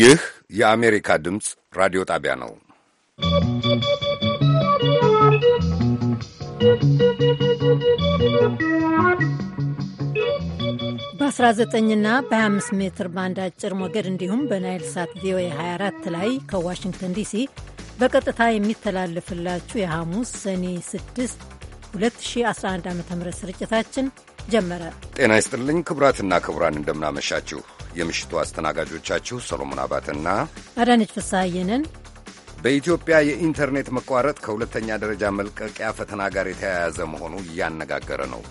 ይህ የአሜሪካ ድምፅ ራዲዮ ጣቢያ ነው። በ19ና በ25 ሜትር ባንድ አጭር ሞገድ እንዲሁም በናይል ሳት ቪኦኤ 24 ላይ ከዋሽንግተን ዲሲ በቀጥታ የሚተላለፍላችሁ የሐሙስ ሰኔ 6 2011 ዓ ም ስርጭታችን ጀመረ። ጤና ይስጥልኝ ክቡራትና ክቡራን፣ እንደምናመሻችሁ የምሽቱ አስተናጋጆቻችሁ ሰሎሞን አባትና አዳነች ፍስሐየንን። በኢትዮጵያ የኢንተርኔት መቋረጥ ከሁለተኛ ደረጃ መልቀቂያ ፈተና ጋር የተያያዘ መሆኑ እያነጋገረ ነው።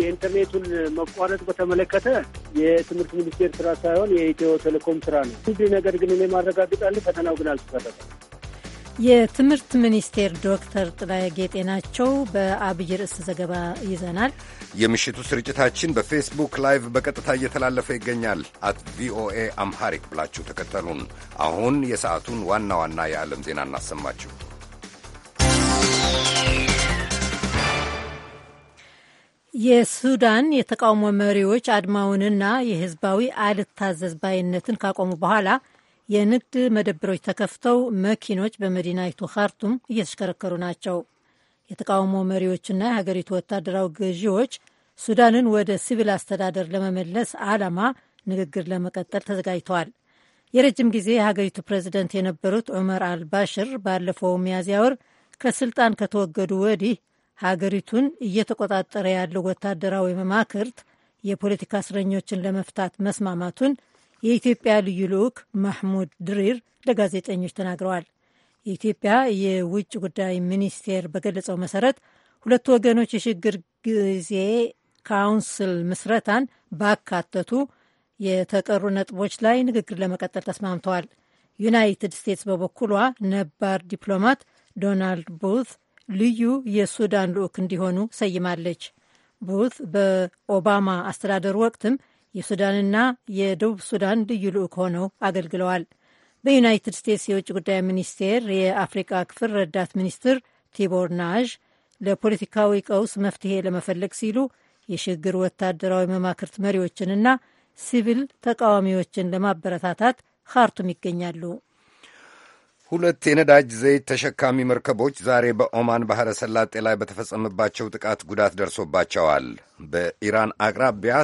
የኢንተርኔቱን መቋረጥ በተመለከተ የትምህርት ሚኒስቴር ስራ ሳይሆን የኢትዮ ቴሌኮም ስራ ነው። ነገር ግን እኔ ማረጋግጣለሁ፣ ፈተናው ግን አልተሰረጠም። የትምህርት ሚኒስቴር ዶክተር ጥላዬ ጌጤናቸው በአብይ ርዕስ ዘገባ ይዘናል። የምሽቱ ስርጭታችን በፌስቡክ ላይቭ በቀጥታ እየተላለፈ ይገኛል። አት ቪኦኤ አምሃሪክ ብላችሁ ተከተሉን። አሁን የሰዓቱን ዋና ዋና የዓለም ዜና እናሰማችሁ። የሱዳን የተቃውሞ መሪዎች አድማውንና የህዝባዊ አልታዘዝባይነትን ካቆሙ በኋላ የንግድ መደብሮች ተከፍተው መኪኖች በመዲናይቱ ካርቱም እየተሽከረከሩ ናቸው። የተቃውሞ መሪዎችና የሀገሪቱ ወታደራዊ ገዢዎች ሱዳንን ወደ ሲቪል አስተዳደር ለመመለስ ዓላማ ንግግር ለመቀጠል ተዘጋጅተዋል። የረጅም ጊዜ የሀገሪቱ ፕሬዚደንት የነበሩት ዑመር አልባሽር ባለፈው ሚያዝያ ወር ከስልጣን ከተወገዱ ወዲህ ሀገሪቱን እየተቆጣጠረ ያለው ወታደራዊ መማክርት የፖለቲካ እስረኞችን ለመፍታት መስማማቱን የኢትዮጵያ ልዩ ልዑክ ማሕሙድ ድሪር ለጋዜጠኞች ተናግረዋል። የኢትዮጵያ የውጭ ጉዳይ ሚኒስቴር በገለጸው መሰረት ሁለቱ ወገኖች የሽግግር ጊዜ ካውንስል ምስረታን ባካተቱ የተቀሩ ነጥቦች ላይ ንግግር ለመቀጠል ተስማምተዋል። ዩናይትድ ስቴትስ በበኩሏ ነባር ዲፕሎማት ዶናልድ ቡት ልዩ የሱዳን ልዑክ እንዲሆኑ ሰይማለች። ቡት በኦባማ አስተዳደር ወቅትም የሱዳንና የደቡብ ሱዳን ልዩ ልዑክ ሆነው አገልግለዋል። በዩናይትድ ስቴትስ የውጭ ጉዳይ ሚኒስቴር የአፍሪካ ክፍል ረዳት ሚኒስትር ቲቦር ናዥ ለፖለቲካዊ ቀውስ መፍትሄ ለመፈለግ ሲሉ የሽግግር ወታደራዊ መማክርት መሪዎችንና ሲቪል ተቃዋሚዎችን ለማበረታታት ካርቱም ይገኛሉ። ሁለት የነዳጅ ዘይት ተሸካሚ መርከቦች ዛሬ በኦማን ባሕረ ሰላጤ ላይ በተፈጸመባቸው ጥቃት ጉዳት ደርሶባቸዋል። በኢራን አቅራቢያ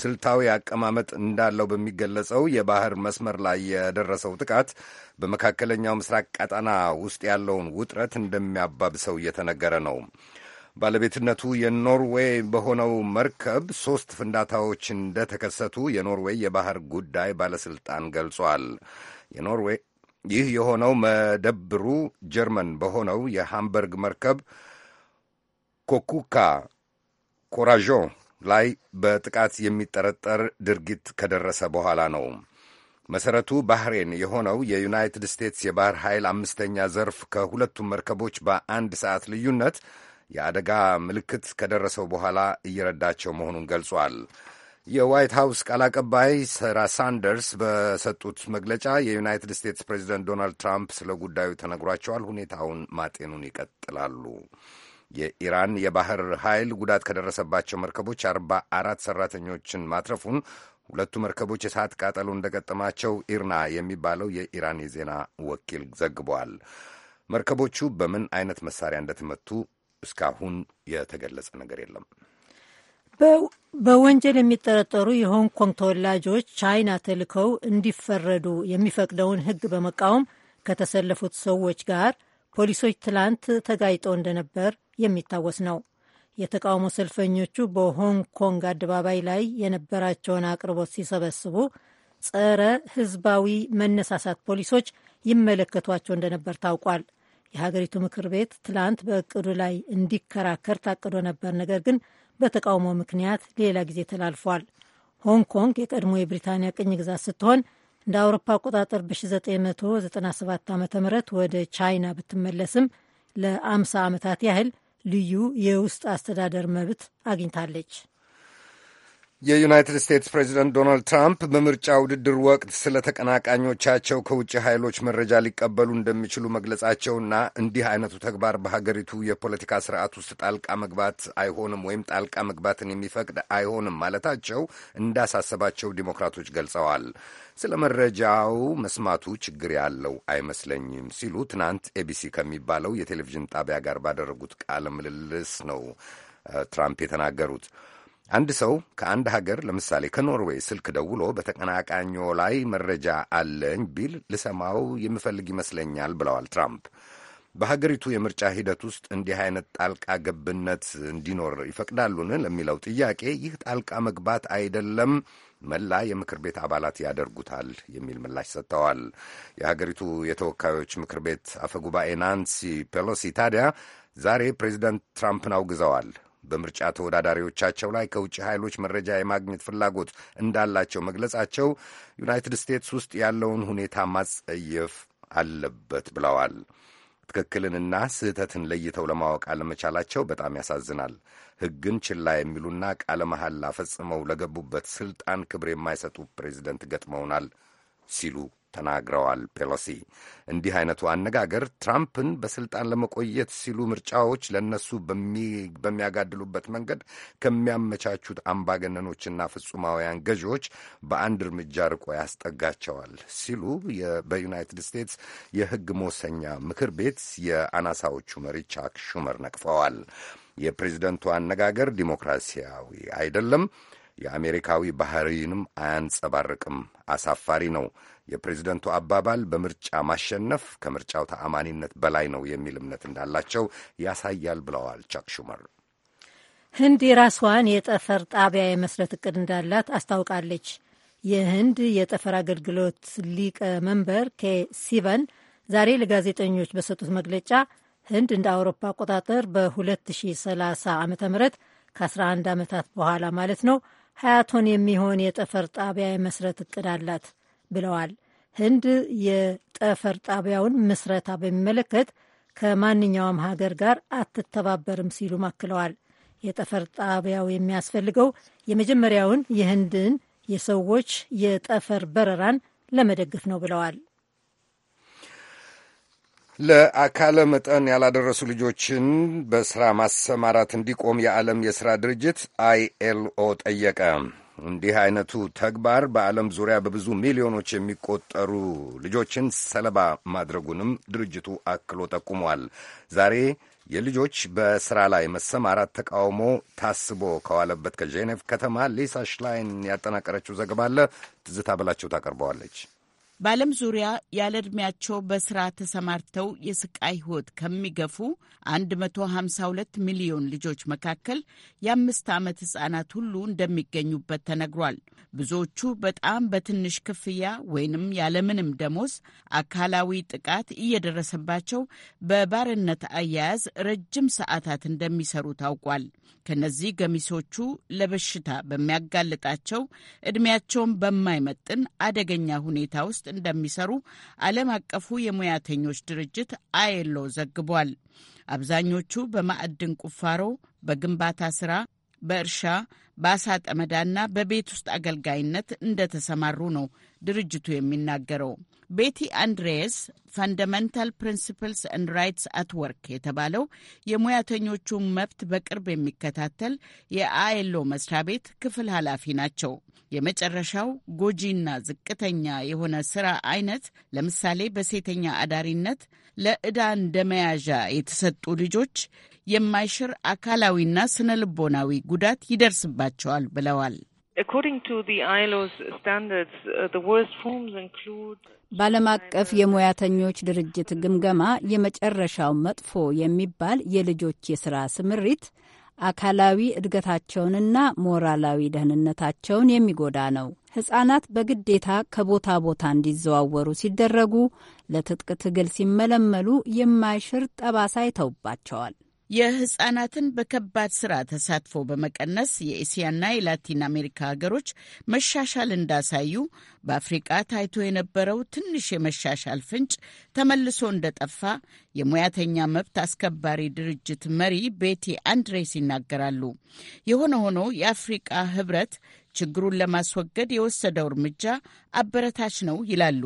ስልታዊ አቀማመጥ እንዳለው በሚገለጸው የባህር መስመር ላይ የደረሰው ጥቃት በመካከለኛው ምስራቅ ቀጠና ውስጥ ያለውን ውጥረት እንደሚያባብሰው እየተነገረ ነው። ባለቤትነቱ የኖርዌይ በሆነው መርከብ ሦስት ፍንዳታዎች እንደተከሰቱ የኖርዌይ የባህር ጉዳይ ባለሥልጣን ገልጿል። የኖርዌይ ይህ የሆነው መደብሩ ጀርመን በሆነው የሃምበርግ መርከብ ኮኩካ ኮራዦ ላይ በጥቃት የሚጠረጠር ድርጊት ከደረሰ በኋላ ነው። መሰረቱ ባህሬን የሆነው የዩናይትድ ስቴትስ የባህር ኃይል አምስተኛ ዘርፍ ከሁለቱም መርከቦች በአንድ ሰዓት ልዩነት የአደጋ ምልክት ከደረሰው በኋላ እየረዳቸው መሆኑን ገልጿል። የዋይት ሀውስ ቃል አቀባይ ሰራ ሳንደርስ በሰጡት መግለጫ የዩናይትድ ስቴትስ ፕሬዚደንት ዶናልድ ትራምፕ ስለ ጉዳዩ ተነግሯቸዋል፣ ሁኔታውን ማጤኑን ይቀጥላሉ። የኢራን የባህር ኃይል ጉዳት ከደረሰባቸው መርከቦች አርባ አራት ሰራተኞችን ማትረፉን ሁለቱ መርከቦች የሰዓት ቃጠሎ እንደገጠማቸው ኢርና የሚባለው የኢራን የዜና ወኪል ዘግቧል። መርከቦቹ በምን አይነት መሳሪያ እንደተመቱ እስካሁን የተገለጸ ነገር የለም። በወንጀል የሚጠረጠሩ የሆንግ ኮንግ ተወላጆች ቻይና ተልከው እንዲፈረዱ የሚፈቅደውን ሕግ በመቃወም ከተሰለፉት ሰዎች ጋር ፖሊሶች ትላንት ተጋጭተው እንደነበር የሚታወስ ነው። የተቃውሞ ሰልፈኞቹ በሆንግ ኮንግ አደባባይ ላይ የነበራቸውን አቅርቦት ሲሰበስቡ ጸረ ህዝባዊ መነሳሳት ፖሊሶች ይመለከቷቸው እንደነበር ታውቋል። የሀገሪቱ ምክር ቤት ትላንት በእቅዱ ላይ እንዲከራከር ታቅዶ ነበር። ነገር ግን በተቃውሞ ምክንያት ሌላ ጊዜ ተላልፏል። ሆንግ ኮንግ የቀድሞ የብሪታንያ ቅኝ ግዛት ስትሆን እንደ አውሮፓ አቆጣጠር በ1997 ዓ ም ወደ ቻይና ብትመለስም ለ50 ዓመታት ያህል ልዩ የውስጥ አስተዳደር መብት አግኝታለች። የዩናይትድ ስቴትስ ፕሬዚደንት ዶናልድ ትራምፕ በምርጫ ውድድር ወቅት ስለ ተቀናቃኞቻቸው ከውጭ ኃይሎች መረጃ ሊቀበሉ እንደሚችሉ መግለጻቸውና እንዲህ አይነቱ ተግባር በሀገሪቱ የፖለቲካ ስርዓት ውስጥ ጣልቃ መግባት አይሆንም ወይም ጣልቃ መግባትን የሚፈቅድ አይሆንም ማለታቸው እንዳሳሰባቸው ዲሞክራቶች ገልጸዋል። ስለ መረጃው መስማቱ ችግር ያለው አይመስለኝም ሲሉ ትናንት ኤቢሲ ከሚባለው የቴሌቪዥን ጣቢያ ጋር ባደረጉት ቃለ ምልልስ ነው ትራምፕ የተናገሩት። አንድ ሰው ከአንድ ሀገር ለምሳሌ ከኖርዌይ ስልክ ደውሎ በተቀናቃኞ ላይ መረጃ አለኝ ቢል ልሰማው የምፈልግ ይመስለኛል ብለዋል ትራምፕ። በሀገሪቱ የምርጫ ሂደት ውስጥ እንዲህ አይነት ጣልቃ ገብነት እንዲኖር ይፈቅዳሉን ለሚለው ጥያቄ ይህ ጣልቃ መግባት አይደለም፣ መላ የምክር ቤት አባላት ያደርጉታል የሚል ምላሽ ሰጥተዋል። የሀገሪቱ የተወካዮች ምክር ቤት አፈጉባኤ ናንሲ ፔሎሲ ታዲያ ዛሬ ፕሬዚዳንት ትራምፕን አውግዘዋል። በምርጫ ተወዳዳሪዎቻቸው ላይ ከውጭ ኃይሎች መረጃ የማግኘት ፍላጎት እንዳላቸው መግለጻቸው ዩናይትድ ስቴትስ ውስጥ ያለውን ሁኔታ ማጸየፍ አለበት ብለዋል። ትክክልንና ስህተትን ለይተው ለማወቅ አለመቻላቸው በጣም ያሳዝናል። ሕግን ችላ የሚሉና ቃለ መሐላ ፈጽመው ለገቡበት ስልጣን ክብር የማይሰጡ ፕሬዚደንት ገጥመውናል ሲሉ ተናግረዋል። ፔሎሲ እንዲህ አይነቱ አነጋገር ትራምፕን በስልጣን ለመቆየት ሲሉ ምርጫዎች ለእነሱ በሚያጋድሉበት መንገድ ከሚያመቻቹት አምባገነኖችና ፍጹማውያን ገዢዎች በአንድ እርምጃ ርቆ ያስጠጋቸዋል ሲሉ በዩናይትድ ስቴትስ የሕግ መወሰኛ ምክር ቤት የአናሳዎቹ መሪ ቻክ ሹመር ነቅፈዋል። የፕሬዚደንቱ አነጋገር ዲሞክራሲያዊ አይደለም የአሜሪካዊ ባህሪንም አያንጸባርቅም። አሳፋሪ ነው። የፕሬዚደንቱ አባባል በምርጫ ማሸነፍ ከምርጫው ተአማኒነት በላይ ነው የሚል እምነት እንዳላቸው ያሳያል ብለዋል ቻክ ሹመር። ህንድ የራስዋን የጠፈር ጣቢያ የመስረት እቅድ እንዳላት አስታውቃለች። የህንድ የጠፈር አገልግሎት ሊቀመንበር ኬ ሲቫን ዛሬ ለጋዜጠኞች በሰጡት መግለጫ ህንድ እንደ አውሮፓ አቆጣጠር በ2030 ዓ ም ከ11 ዓመታት በኋላ ማለት ነው ሀያ ቶን የሚሆን የጠፈር ጣቢያ የመስረት እቅድ አላት ብለዋል። ህንድ የጠፈር ጣቢያውን ምስረታ በሚመለከት ከማንኛውም ሀገር ጋር አትተባበርም ሲሉም አክለዋል። የጠፈር ጣቢያው የሚያስፈልገው የመጀመሪያውን የህንድን የሰዎች የጠፈር በረራን ለመደገፍ ነው ብለዋል። ለአካለ መጠን ያላደረሱ ልጆችን በሥራ ማሰማራት እንዲቆም የዓለም የሥራ ድርጅት አይኤልኦ ጠየቀ። እንዲህ አይነቱ ተግባር በዓለም ዙሪያ በብዙ ሚሊዮኖች የሚቆጠሩ ልጆችን ሰለባ ማድረጉንም ድርጅቱ አክሎ ጠቁሟል። ዛሬ የልጆች በሥራ ላይ መሰማራት ተቃውሞ ታስቦ ከዋለበት ከጄኔቭ ከተማ ሊሳ ሽላይን ያጠናቀረችው ዘገባ አለ። ትዝታ በላቸው ታቀርበዋለች። በዓለም ዙሪያ ያለ ዕድሜያቸው በስራ ተሰማርተው የስቃይ ህይወት ከሚገፉ 152 ሚሊዮን ልጆች መካከል የአምስት ዓመት ሕፃናት ሁሉ እንደሚገኙበት ተነግሯል። ብዙዎቹ በጣም በትንሽ ክፍያ ወይንም ያለምንም ደሞዝ አካላዊ ጥቃት እየደረሰባቸው በባርነት አያያዝ ረጅም ሰዓታት እንደሚሰሩ ታውቋል። ከነዚህ ገሚሶቹ ለበሽታ በሚያጋልጣቸው ዕድሜያቸውን በማይመጥን አደገኛ ሁኔታ ውስጥ እንደሚሰሩ ዓለም አቀፉ የሙያተኞች ድርጅት አየሎ ዘግቧል። አብዛኞቹ በማዕድን ቁፋሮ፣ በግንባታ ስራ፣ በእርሻ በአሳ ጠመዳና በቤት ውስጥ አገልጋይነት እንደተሰማሩ ነው ድርጅቱ የሚናገረው። ቤቲ አንድሬስ ፋንዳመንታል ፕሪንሲፕልስ ኤንድ ራይትስ አት ወርክ የተባለው የሙያተኞቹ መብት በቅርብ የሚከታተል የአይሎ መስሪያ ቤት ክፍል ኃላፊ ናቸው። የመጨረሻው ጎጂና ዝቅተኛ የሆነ ስራ አይነት ለምሳሌ በሴተኛ አዳሪነት ለዕዳ እንደመያዣ የተሰጡ ልጆች የማይሽር አካላዊና ስነ ልቦናዊ ጉዳት ይደርስባቸዋል ብለዋል። uh, በዓለም አቀፍ የሙያተኞች ድርጅት ግምገማ የመጨረሻው መጥፎ የሚባል የልጆች የሥራ ስምሪት አካላዊ እድገታቸውንና ሞራላዊ ደህንነታቸውን የሚጎዳ ነው። ሕፃናት በግዴታ ከቦታ ቦታ እንዲዘዋወሩ ሲደረጉ፣ ለትጥቅ ትግል ሲመለመሉ የማይሽር ጠባሳ ይተውባቸዋል። የህጻናትን በከባድ ስራ ተሳትፎ በመቀነስ የኤስያና የላቲን አሜሪካ ሀገሮች መሻሻል እንዳሳዩ በአፍሪቃ ታይቶ የነበረው ትንሽ የመሻሻል ፍንጭ ተመልሶ እንደጠፋ የሙያተኛ መብት አስከባሪ ድርጅት መሪ ቤቲ አንድሬስ ይናገራሉ። የሆነ ሆኖ የአፍሪቃ ህብረት ችግሩን ለማስወገድ የወሰደው እርምጃ አበረታች ነው ይላሉ።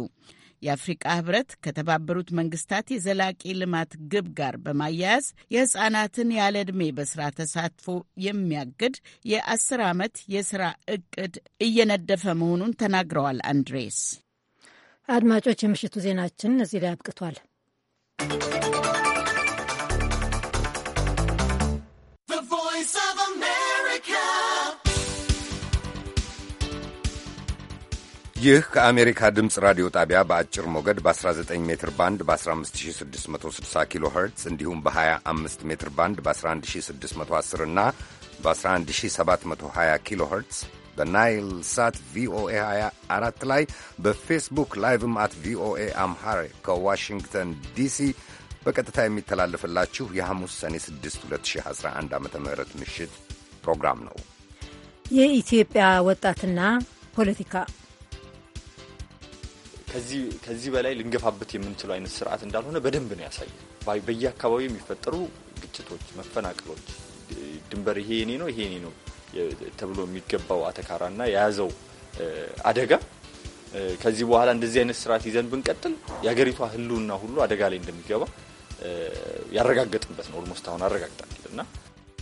የአፍሪቃ ህብረት ከተባበሩት መንግስታት የዘላቂ ልማት ግብ ጋር በማያያዝ የህፃናትን ያለ ዕድሜ በስራ ተሳትፎ የሚያግድ የአስር ዓመት የስራ እቅድ እየነደፈ መሆኑን ተናግረዋል። አንድሬስ አድማጮች፣ የምሽቱ ዜናችን እዚህ ላይ አብቅቷል። ይህ ከአሜሪካ ድምፅ ራዲዮ ጣቢያ በአጭር ሞገድ በ19 ሜትር ባንድ በ15660 ኪሎ ኸርትዝ እንዲሁም በ25 ሜትር ባንድ በ11610 እና በ11720 ኪሎ ኸርትዝ በናይል ሳት ቪኦኤ 24 ላይ በፌስቡክ ላይቭም አት ቪኦኤ አምሃር ከዋሽንግተን ዲሲ በቀጥታ የሚተላለፍላችሁ የሐሙስ ሰኔ 6 2011 ዓ ም ምሽት ፕሮግራም ነው። የኢትዮጵያ ወጣትና ፖለቲካ ከዚህ በላይ ልንገፋበት የምንችለው አይነት ስርዓት እንዳልሆነ በደንብ ነው ያሳየ። በየአካባቢው የሚፈጠሩ ግጭቶች፣ መፈናቀሎች፣ ድንበር ይሄ የኔ ነው ይሄ የኔ ነው ተብሎ የሚገባው አተካራና የያዘው አደጋ ከዚህ በኋላ እንደዚህ አይነት ስርዓት ይዘን ብንቀጥል የሀገሪቷ ሕልውና ሁሉ አደጋ ላይ እንደሚገባ ያረጋገጥንበት ነው። ኦልሞስት አሁን አረጋግጣል እና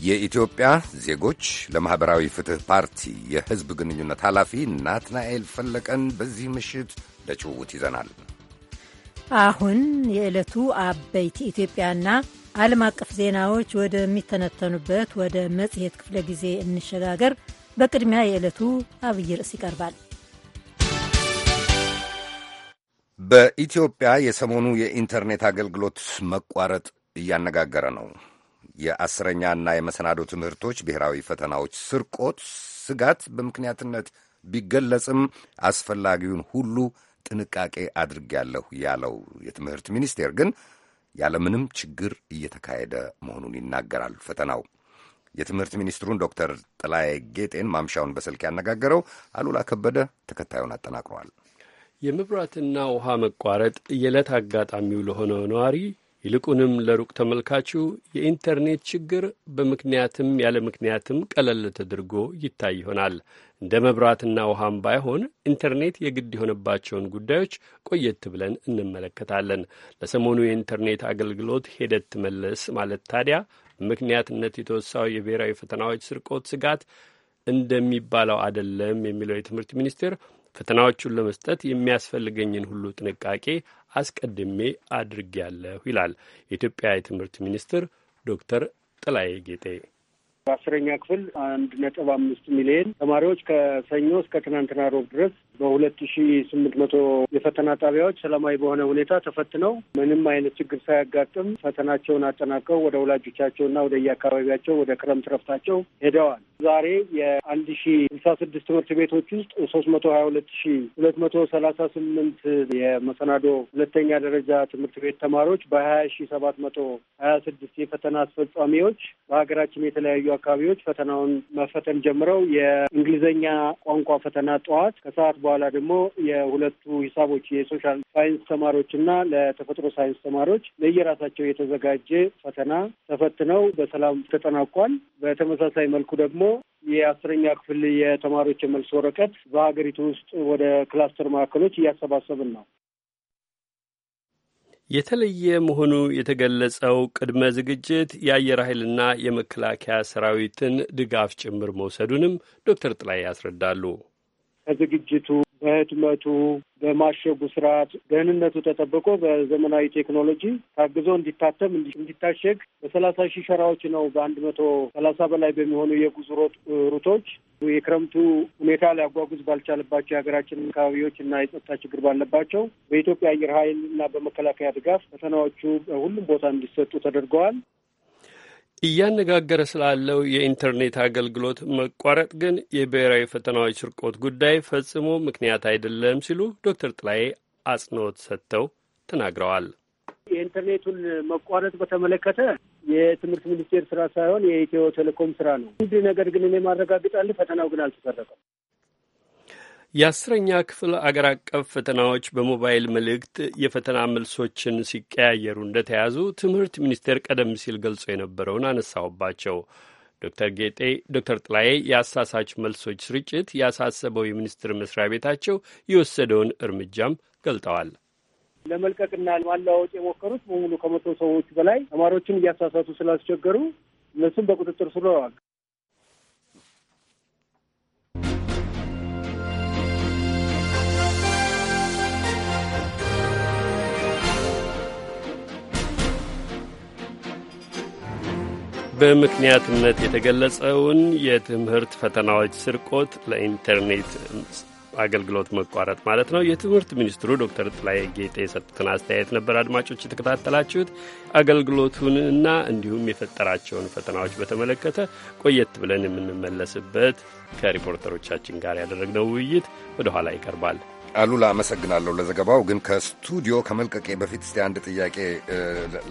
የኢትዮጵያ ዜጎች ለማኅበራዊ ፍትሕ ፓርቲ የሕዝብ ግንኙነት ኃላፊ ናትናኤል ፈለቀን በዚህ ምሽት ለጭውውት ይዘናል። አሁን የዕለቱ አበይት ኢትዮጵያና ዓለም አቀፍ ዜናዎች ወደሚተነተኑበት ወደ መጽሔት ክፍለ ጊዜ እንሸጋገር። በቅድሚያ የዕለቱ አብይ ርዕስ ይቀርባል። በኢትዮጵያ የሰሞኑ የኢንተርኔት አገልግሎት መቋረጥ እያነጋገረ ነው። የአስረኛና የመሰናዶ ትምህርቶች ብሔራዊ ፈተናዎች ስርቆት ስጋት በምክንያትነት ቢገለጽም አስፈላጊውን ሁሉ ጥንቃቄ አድርጌያለሁ ያለው የትምህርት ሚኒስቴር ግን ያለምንም ችግር እየተካሄደ መሆኑን ይናገራል። ፈተናው የትምህርት ሚኒስትሩን ዶክተር ጥላዬ ጌጤን ማምሻውን በስልክ ያነጋገረው አሉላ ከበደ ተከታዩን አጠናቅሯል። የመብራትና ውሃ መቋረጥ የዕለት አጋጣሚው ለሆነው ነዋሪ ይልቁንም ለሩቅ ተመልካቹ የኢንተርኔት ችግር በምክንያትም ያለ ምክንያትም ቀለል ተደርጎ ይታይ ይሆናል። እንደ መብራትና ውሃም ባይሆን ኢንተርኔት የግድ የሆነባቸውን ጉዳዮች ቆየት ብለን እንመለከታለን። ለሰሞኑ የኢንተርኔት አገልግሎት ሄደት መለስ ማለት ታዲያ ምክንያትነት የተወሳው የብሔራዊ ፈተናዎች ስርቆት ስጋት እንደሚባለው አይደለም የሚለው የትምህርት ሚኒስቴር ፈተናዎቹን ለመስጠት የሚያስፈልገኝን ሁሉ ጥንቃቄ አስቀድሜ አድርጌያለሁ ይላል የኢትዮጵያ የትምህርት ሚኒስትር ዶክተር ጥላዬ ጌጤ። በአስረኛ ክፍል አንድ ነጥብ አምስት ሚሊዮን ተማሪዎች ከሰኞ እስከ ትናንትና ሮብ ድረስ በሁለት ሺ ስምንት መቶ የፈተና ጣቢያዎች ሰላማዊ በሆነ ሁኔታ ተፈትነው ምንም አይነት ችግር ሳያጋጥም ፈተናቸውን አጠናቀው ወደ ወላጆቻቸውና ወደ የአካባቢያቸው ወደ ክረምት ረፍታቸው ሄደዋል። ዛሬ የአንድ ሺ ስልሳ ስድስት ትምህርት ቤቶች ውስጥ ሶስት መቶ ሀያ ሁለት ሺ ሁለት መቶ ሰላሳ ስምንት የመሰናዶ ሁለተኛ ደረጃ ትምህርት ቤት ተማሪዎች በሀያ ሺ ሰባት መቶ ሀያ ስድስት የፈተና አስፈጻሚዎች በሀገራችን የተለያዩ አካባቢዎች ፈተናውን መፈተን ጀምረው የእንግሊዝኛ ቋንቋ ፈተና ጠዋት ከሰዓት በኋላ ደግሞ የሁለቱ ሂሳቦች የሶሻል ሳይንስ ተማሪዎች እና ለተፈጥሮ ሳይንስ ተማሪዎች ለየራሳቸው የተዘጋጀ ፈተና ተፈትነው በሰላም ተጠናቋል። በተመሳሳይ መልኩ ደግሞ የአስረኛ ክፍል የተማሪዎች የመልስ ወረቀት በሀገሪቱ ውስጥ ወደ ክላስተር ማዕከሎች እያሰባሰብን ነው። የተለየ መሆኑ የተገለጸው ቅድመ ዝግጅት የአየር ኃይልና የመከላከያ ሰራዊትን ድጋፍ ጭምር መውሰዱንም ዶክተር ጥላይ ያስረዳሉ። ከዝግጅቱ በህትመቱ በማሸጉ ስርዓት ደህንነቱ ተጠብቆ በዘመናዊ ቴክኖሎጂ ታግዞ እንዲታተም እንዲታሸግ በሰላሳ ሺህ ሸራዎች ነው በአንድ መቶ ሰላሳ በላይ በሚሆኑ የጉዞ ሩቶች የክረምቱ ሁኔታ ሊያጓጉዝ ባልቻለባቸው የሀገራችን አካባቢዎች እና የጸጥታ ችግር ባለባቸው በኢትዮጵያ አየር ኃይል እና በመከላከያ ድጋፍ ፈተናዎቹ በሁሉም ቦታ እንዲሰጡ ተደርገዋል። እያነጋገረ ስላለው የኢንተርኔት አገልግሎት መቋረጥ ግን የብሔራዊ ፈተናዎች ስርቆት ጉዳይ ፈጽሞ ምክንያት አይደለም ሲሉ ዶክተር ጥላዬ አጽንኦት ሰጥተው ተናግረዋል። የኢንተርኔቱን መቋረጥ በተመለከተ የትምህርት ሚኒስቴር ስራ ሳይሆን የኢትዮ ቴሌኮም ስራ ነው። አንድ ነገር ግን እኔ ማረጋግጣል ፈተናው ግን አልተሰረቀም። የአስረኛ ክፍል አገር አቀፍ ፈተናዎች በሞባይል መልእክት የፈተና መልሶችን ሲቀያየሩ እንደተያዙ ትምህርት ሚኒስቴር ቀደም ሲል ገልጾ የነበረውን አነሳውባቸው። ዶክተር ጌጤ ዶክተር ጥላዬ የአሳሳች መልሶች ስርጭት ያሳሰበው የሚኒስቴር መስሪያ ቤታቸው የወሰደውን እርምጃም ገልጠዋል። ለመልቀቅና ማለዋወጥ የሞከሩት በሙሉ ከመቶ ሰዎች በላይ ተማሪዎችን እያሳሳቱ ስላስቸገሩ እነሱም በቁጥጥር ስር ውለዋል። በምክንያትነት የተገለጸውን የትምህርት ፈተናዎች ስርቆት ለኢንተርኔት አገልግሎት መቋረጥ ማለት ነው። የትምህርት ሚኒስትሩ ዶክተር ጥላዬ ጌጤ የሰጡትን አስተያየት ነበር አድማጮች የተከታተላችሁት። አገልግሎቱንና እንዲሁም የፈጠራቸውን ፈተናዎች በተመለከተ ቆየት ብለን የምንመለስበት ከሪፖርተሮቻችን ጋር ያደረግነው ውይይት ወደ ኋላ ይቀርባል። አሉላ አመሰግናለሁ ለዘገባው። ግን ከስቱዲዮ ከመልቀቄ በፊት እስቲ አንድ ጥያቄ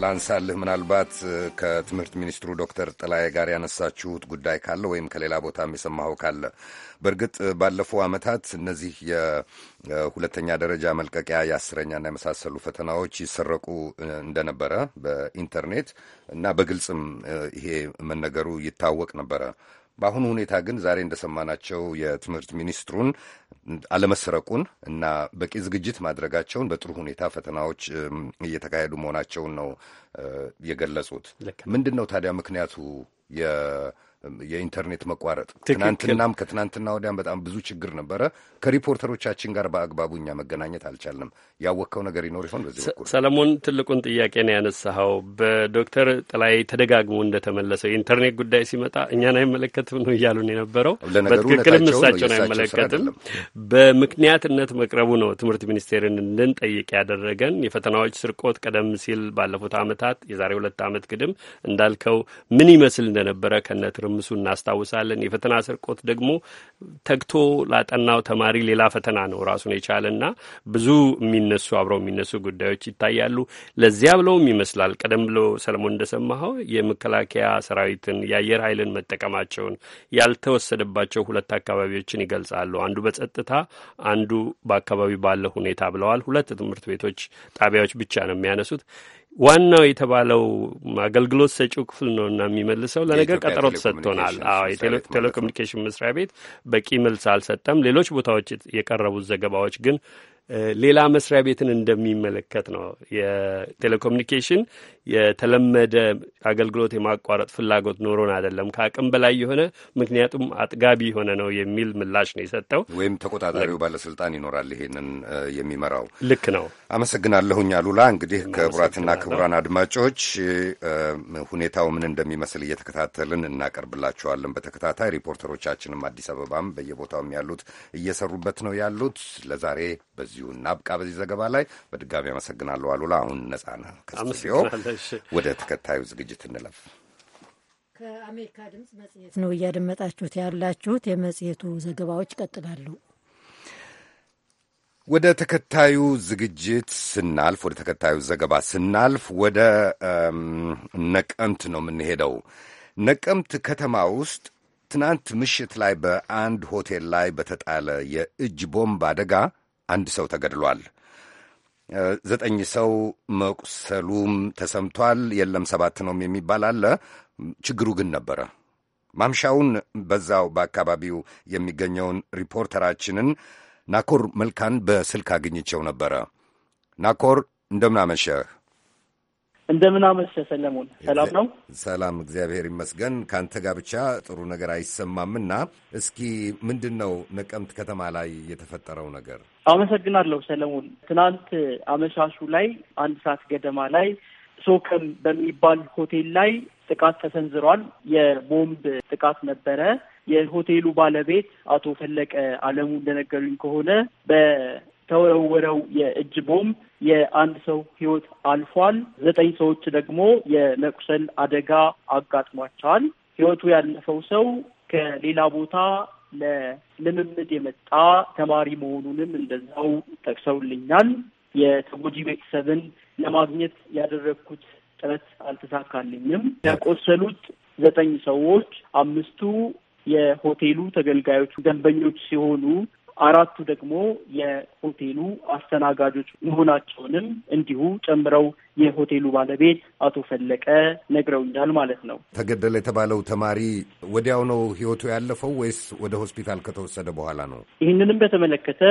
ላንሳልህ። ምናልባት ከትምህርት ሚኒስትሩ ዶክተር ጥላዬ ጋር ያነሳችሁት ጉዳይ ካለ ወይም ከሌላ ቦታም የሰማኸው ካለ በእርግጥ ባለፈው ዓመታት እነዚህ የሁለተኛ ደረጃ መልቀቂያ የአስረኛና የመሳሰሉ ፈተናዎች ይሰረቁ እንደነበረ በኢንተርኔት እና በግልጽም ይሄ መነገሩ ይታወቅ ነበረ። በአሁኑ ሁኔታ ግን ዛሬ እንደሰማናቸው የትምህርት ሚኒስትሩን አለመሰረቁን እና በቂ ዝግጅት ማድረጋቸውን በጥሩ ሁኔታ ፈተናዎች እየተካሄዱ መሆናቸውን ነው የገለጹት። ምንድን ነው ታዲያ ምክንያቱ የኢንተርኔት መቋረጥ ትናንትናም ከትናንትና ወዲያም በጣም ብዙ ችግር ነበረ። ከሪፖርተሮቻችን ጋር በአግባቡ እኛ መገናኘት አልቻልንም። ያወቅከው ነገር ይኖር ይሆን? በዚህ በኩል ሰለሞን፣ ትልቁን ጥያቄ ነው ያነሳኸው። በዶክተር ጥላይ ተደጋግሞ እንደተመለሰው የኢንተርኔት ጉዳይ ሲመጣ እኛን አይመለከትም ነው እያሉን የነበረው። በትክክልም እሳቸውን አይመለከትም በምክንያትነት መቅረቡ ነው ትምህርት ሚኒስቴርን እንድንጠይቅ ያደረገን። የፈተናዎች ስርቆት ቀደም ሲል ባለፉት ዓመታት የዛሬ ሁለት አመት ግድም እንዳልከው ምን ይመስል እንደነበረ ከነትር እንደሚቀምሱ እናስታውሳለን። የፈተና ስርቆት ደግሞ ተግቶ ላጠናው ተማሪ ሌላ ፈተና ነው ራሱን የቻለና ብዙ የሚነሱ አብረው የሚነሱ ጉዳዮች ይታያሉ። ለዚያ ብለውም ይመስላል ቀደም ብሎ ሰለሞን እንደሰማኸው የመከላከያ ሰራዊትን የአየር ኃይልን መጠቀማቸውን ያልተወሰደባቸው ሁለት አካባቢዎችን ይገልጻሉ። አንዱ በጸጥታ አንዱ በአካባቢ ባለ ሁኔታ ብለዋል። ሁለት ትምህርት ቤቶች ጣቢያዎች ብቻ ነው የሚያነሱት። ዋናው የተባለው አገልግሎት ሰጪው ክፍል ነው እና የሚመልሰው ለነገር ቀጠሮ ተሰጥቶናል። የቴሌኮሙኒኬሽን መስሪያ ቤት በቂ መልስ አልሰጠም። ሌሎች ቦታዎች የቀረቡት ዘገባዎች ግን ሌላ መስሪያ ቤትን እንደሚመለከት ነው። የቴሌኮሙኒኬሽን የተለመደ አገልግሎት የማቋረጥ ፍላጎት ኖሮን አይደለም፣ ከአቅም በላይ የሆነ ምክንያቱም አጥጋቢ የሆነ ነው የሚል ምላሽ ነው የሰጠው። ወይም ተቆጣጣሪው ባለስልጣን ይኖራል ይሄንን የሚመራው። ልክ ነው። አመሰግናለሁኝ አሉላ። እንግዲህ ክቡራትና ክቡራን አድማጮች ሁኔታው ምን እንደሚመስል እየተከታተልን እናቀርብላችኋለን በተከታታይ ሪፖርተሮቻችንም አዲስ አበባም በየቦታውም ያሉት እየሰሩበት ነው ያሉት ለዛሬ በዚ በዚሁ እናብቃ። በዚህ ዘገባ ላይ በድጋሚ አመሰግናለሁ አሉላ። አሁን ነጻነ ከስቱዲዮ ወደ ተከታዩ ዝግጅት እንለፍ። ከአሜሪካ ድምጽ መጽሔት ነው እያደመጣችሁት ያላችሁት። የመጽሔቱ ዘገባዎች ይቀጥላሉ። ወደ ተከታዩ ዝግጅት ስናልፍ ወደ ተከታዩ ዘገባ ስናልፍ ወደ ነቀምት ነው የምንሄደው። ነቀምት ከተማ ውስጥ ትናንት ምሽት ላይ በአንድ ሆቴል ላይ በተጣለ የእጅ ቦምብ አደጋ አንድ ሰው ተገድሏል። ዘጠኝ ሰው መቁሰሉም ተሰምቷል። የለም ሰባት ነውም የሚባል አለ። ችግሩ ግን ነበረ። ማምሻውን በዛው በአካባቢው የሚገኘውን ሪፖርተራችንን ናኮር መልካን በስልክ አግኝቸው ነበረ። ናኮር እንደምን አመሸህ? እንደምን አመሸ ሰለሞን፣ ሰላም ነው? ሰላም እግዚአብሔር ይመስገን። ከአንተ ጋር ብቻ ጥሩ ነገር አይሰማምና እስኪ ምንድን ነው ነቀምት ከተማ ላይ የተፈጠረው ነገር? አመሰግናለሁ ሰለሞን። ትናንት አመሻሹ ላይ አንድ ሰዓት ገደማ ላይ ሶከም በሚባል ሆቴል ላይ ጥቃት ተሰንዝሯል። የቦምብ ጥቃት ነበረ። የሆቴሉ ባለቤት አቶ ፈለቀ አለሙ እንደነገሩኝ ከሆነ በ ተወረወረው የእጅ ቦምብ የአንድ ሰው ህይወት አልፏል። ዘጠኝ ሰዎች ደግሞ የመቁሰል አደጋ አጋጥሟቸዋል። ህይወቱ ያለፈው ሰው ከሌላ ቦታ ለልምምድ የመጣ ተማሪ መሆኑንም እንደዛው ጠቅሰውልኛል። የተጎጂ ቤተሰብን ለማግኘት ያደረግኩት ጥረት አልተሳካልኝም። ያቆሰሉት ዘጠኝ ሰዎች አምስቱ የሆቴሉ ተገልጋዮች፣ ደንበኞች ሲሆኑ አራቱ ደግሞ የሆቴሉ አስተናጋጆች መሆናቸውንም እንዲሁ ጨምረው የሆቴሉ ባለቤት አቶ ፈለቀ ነግረውኛል ማለት ነው። ተገደለ የተባለው ተማሪ ወዲያው ነው ህይወቱ ያለፈው ወይስ ወደ ሆስፒታል ከተወሰደ በኋላ ነው? ይህንንም በተመለከተ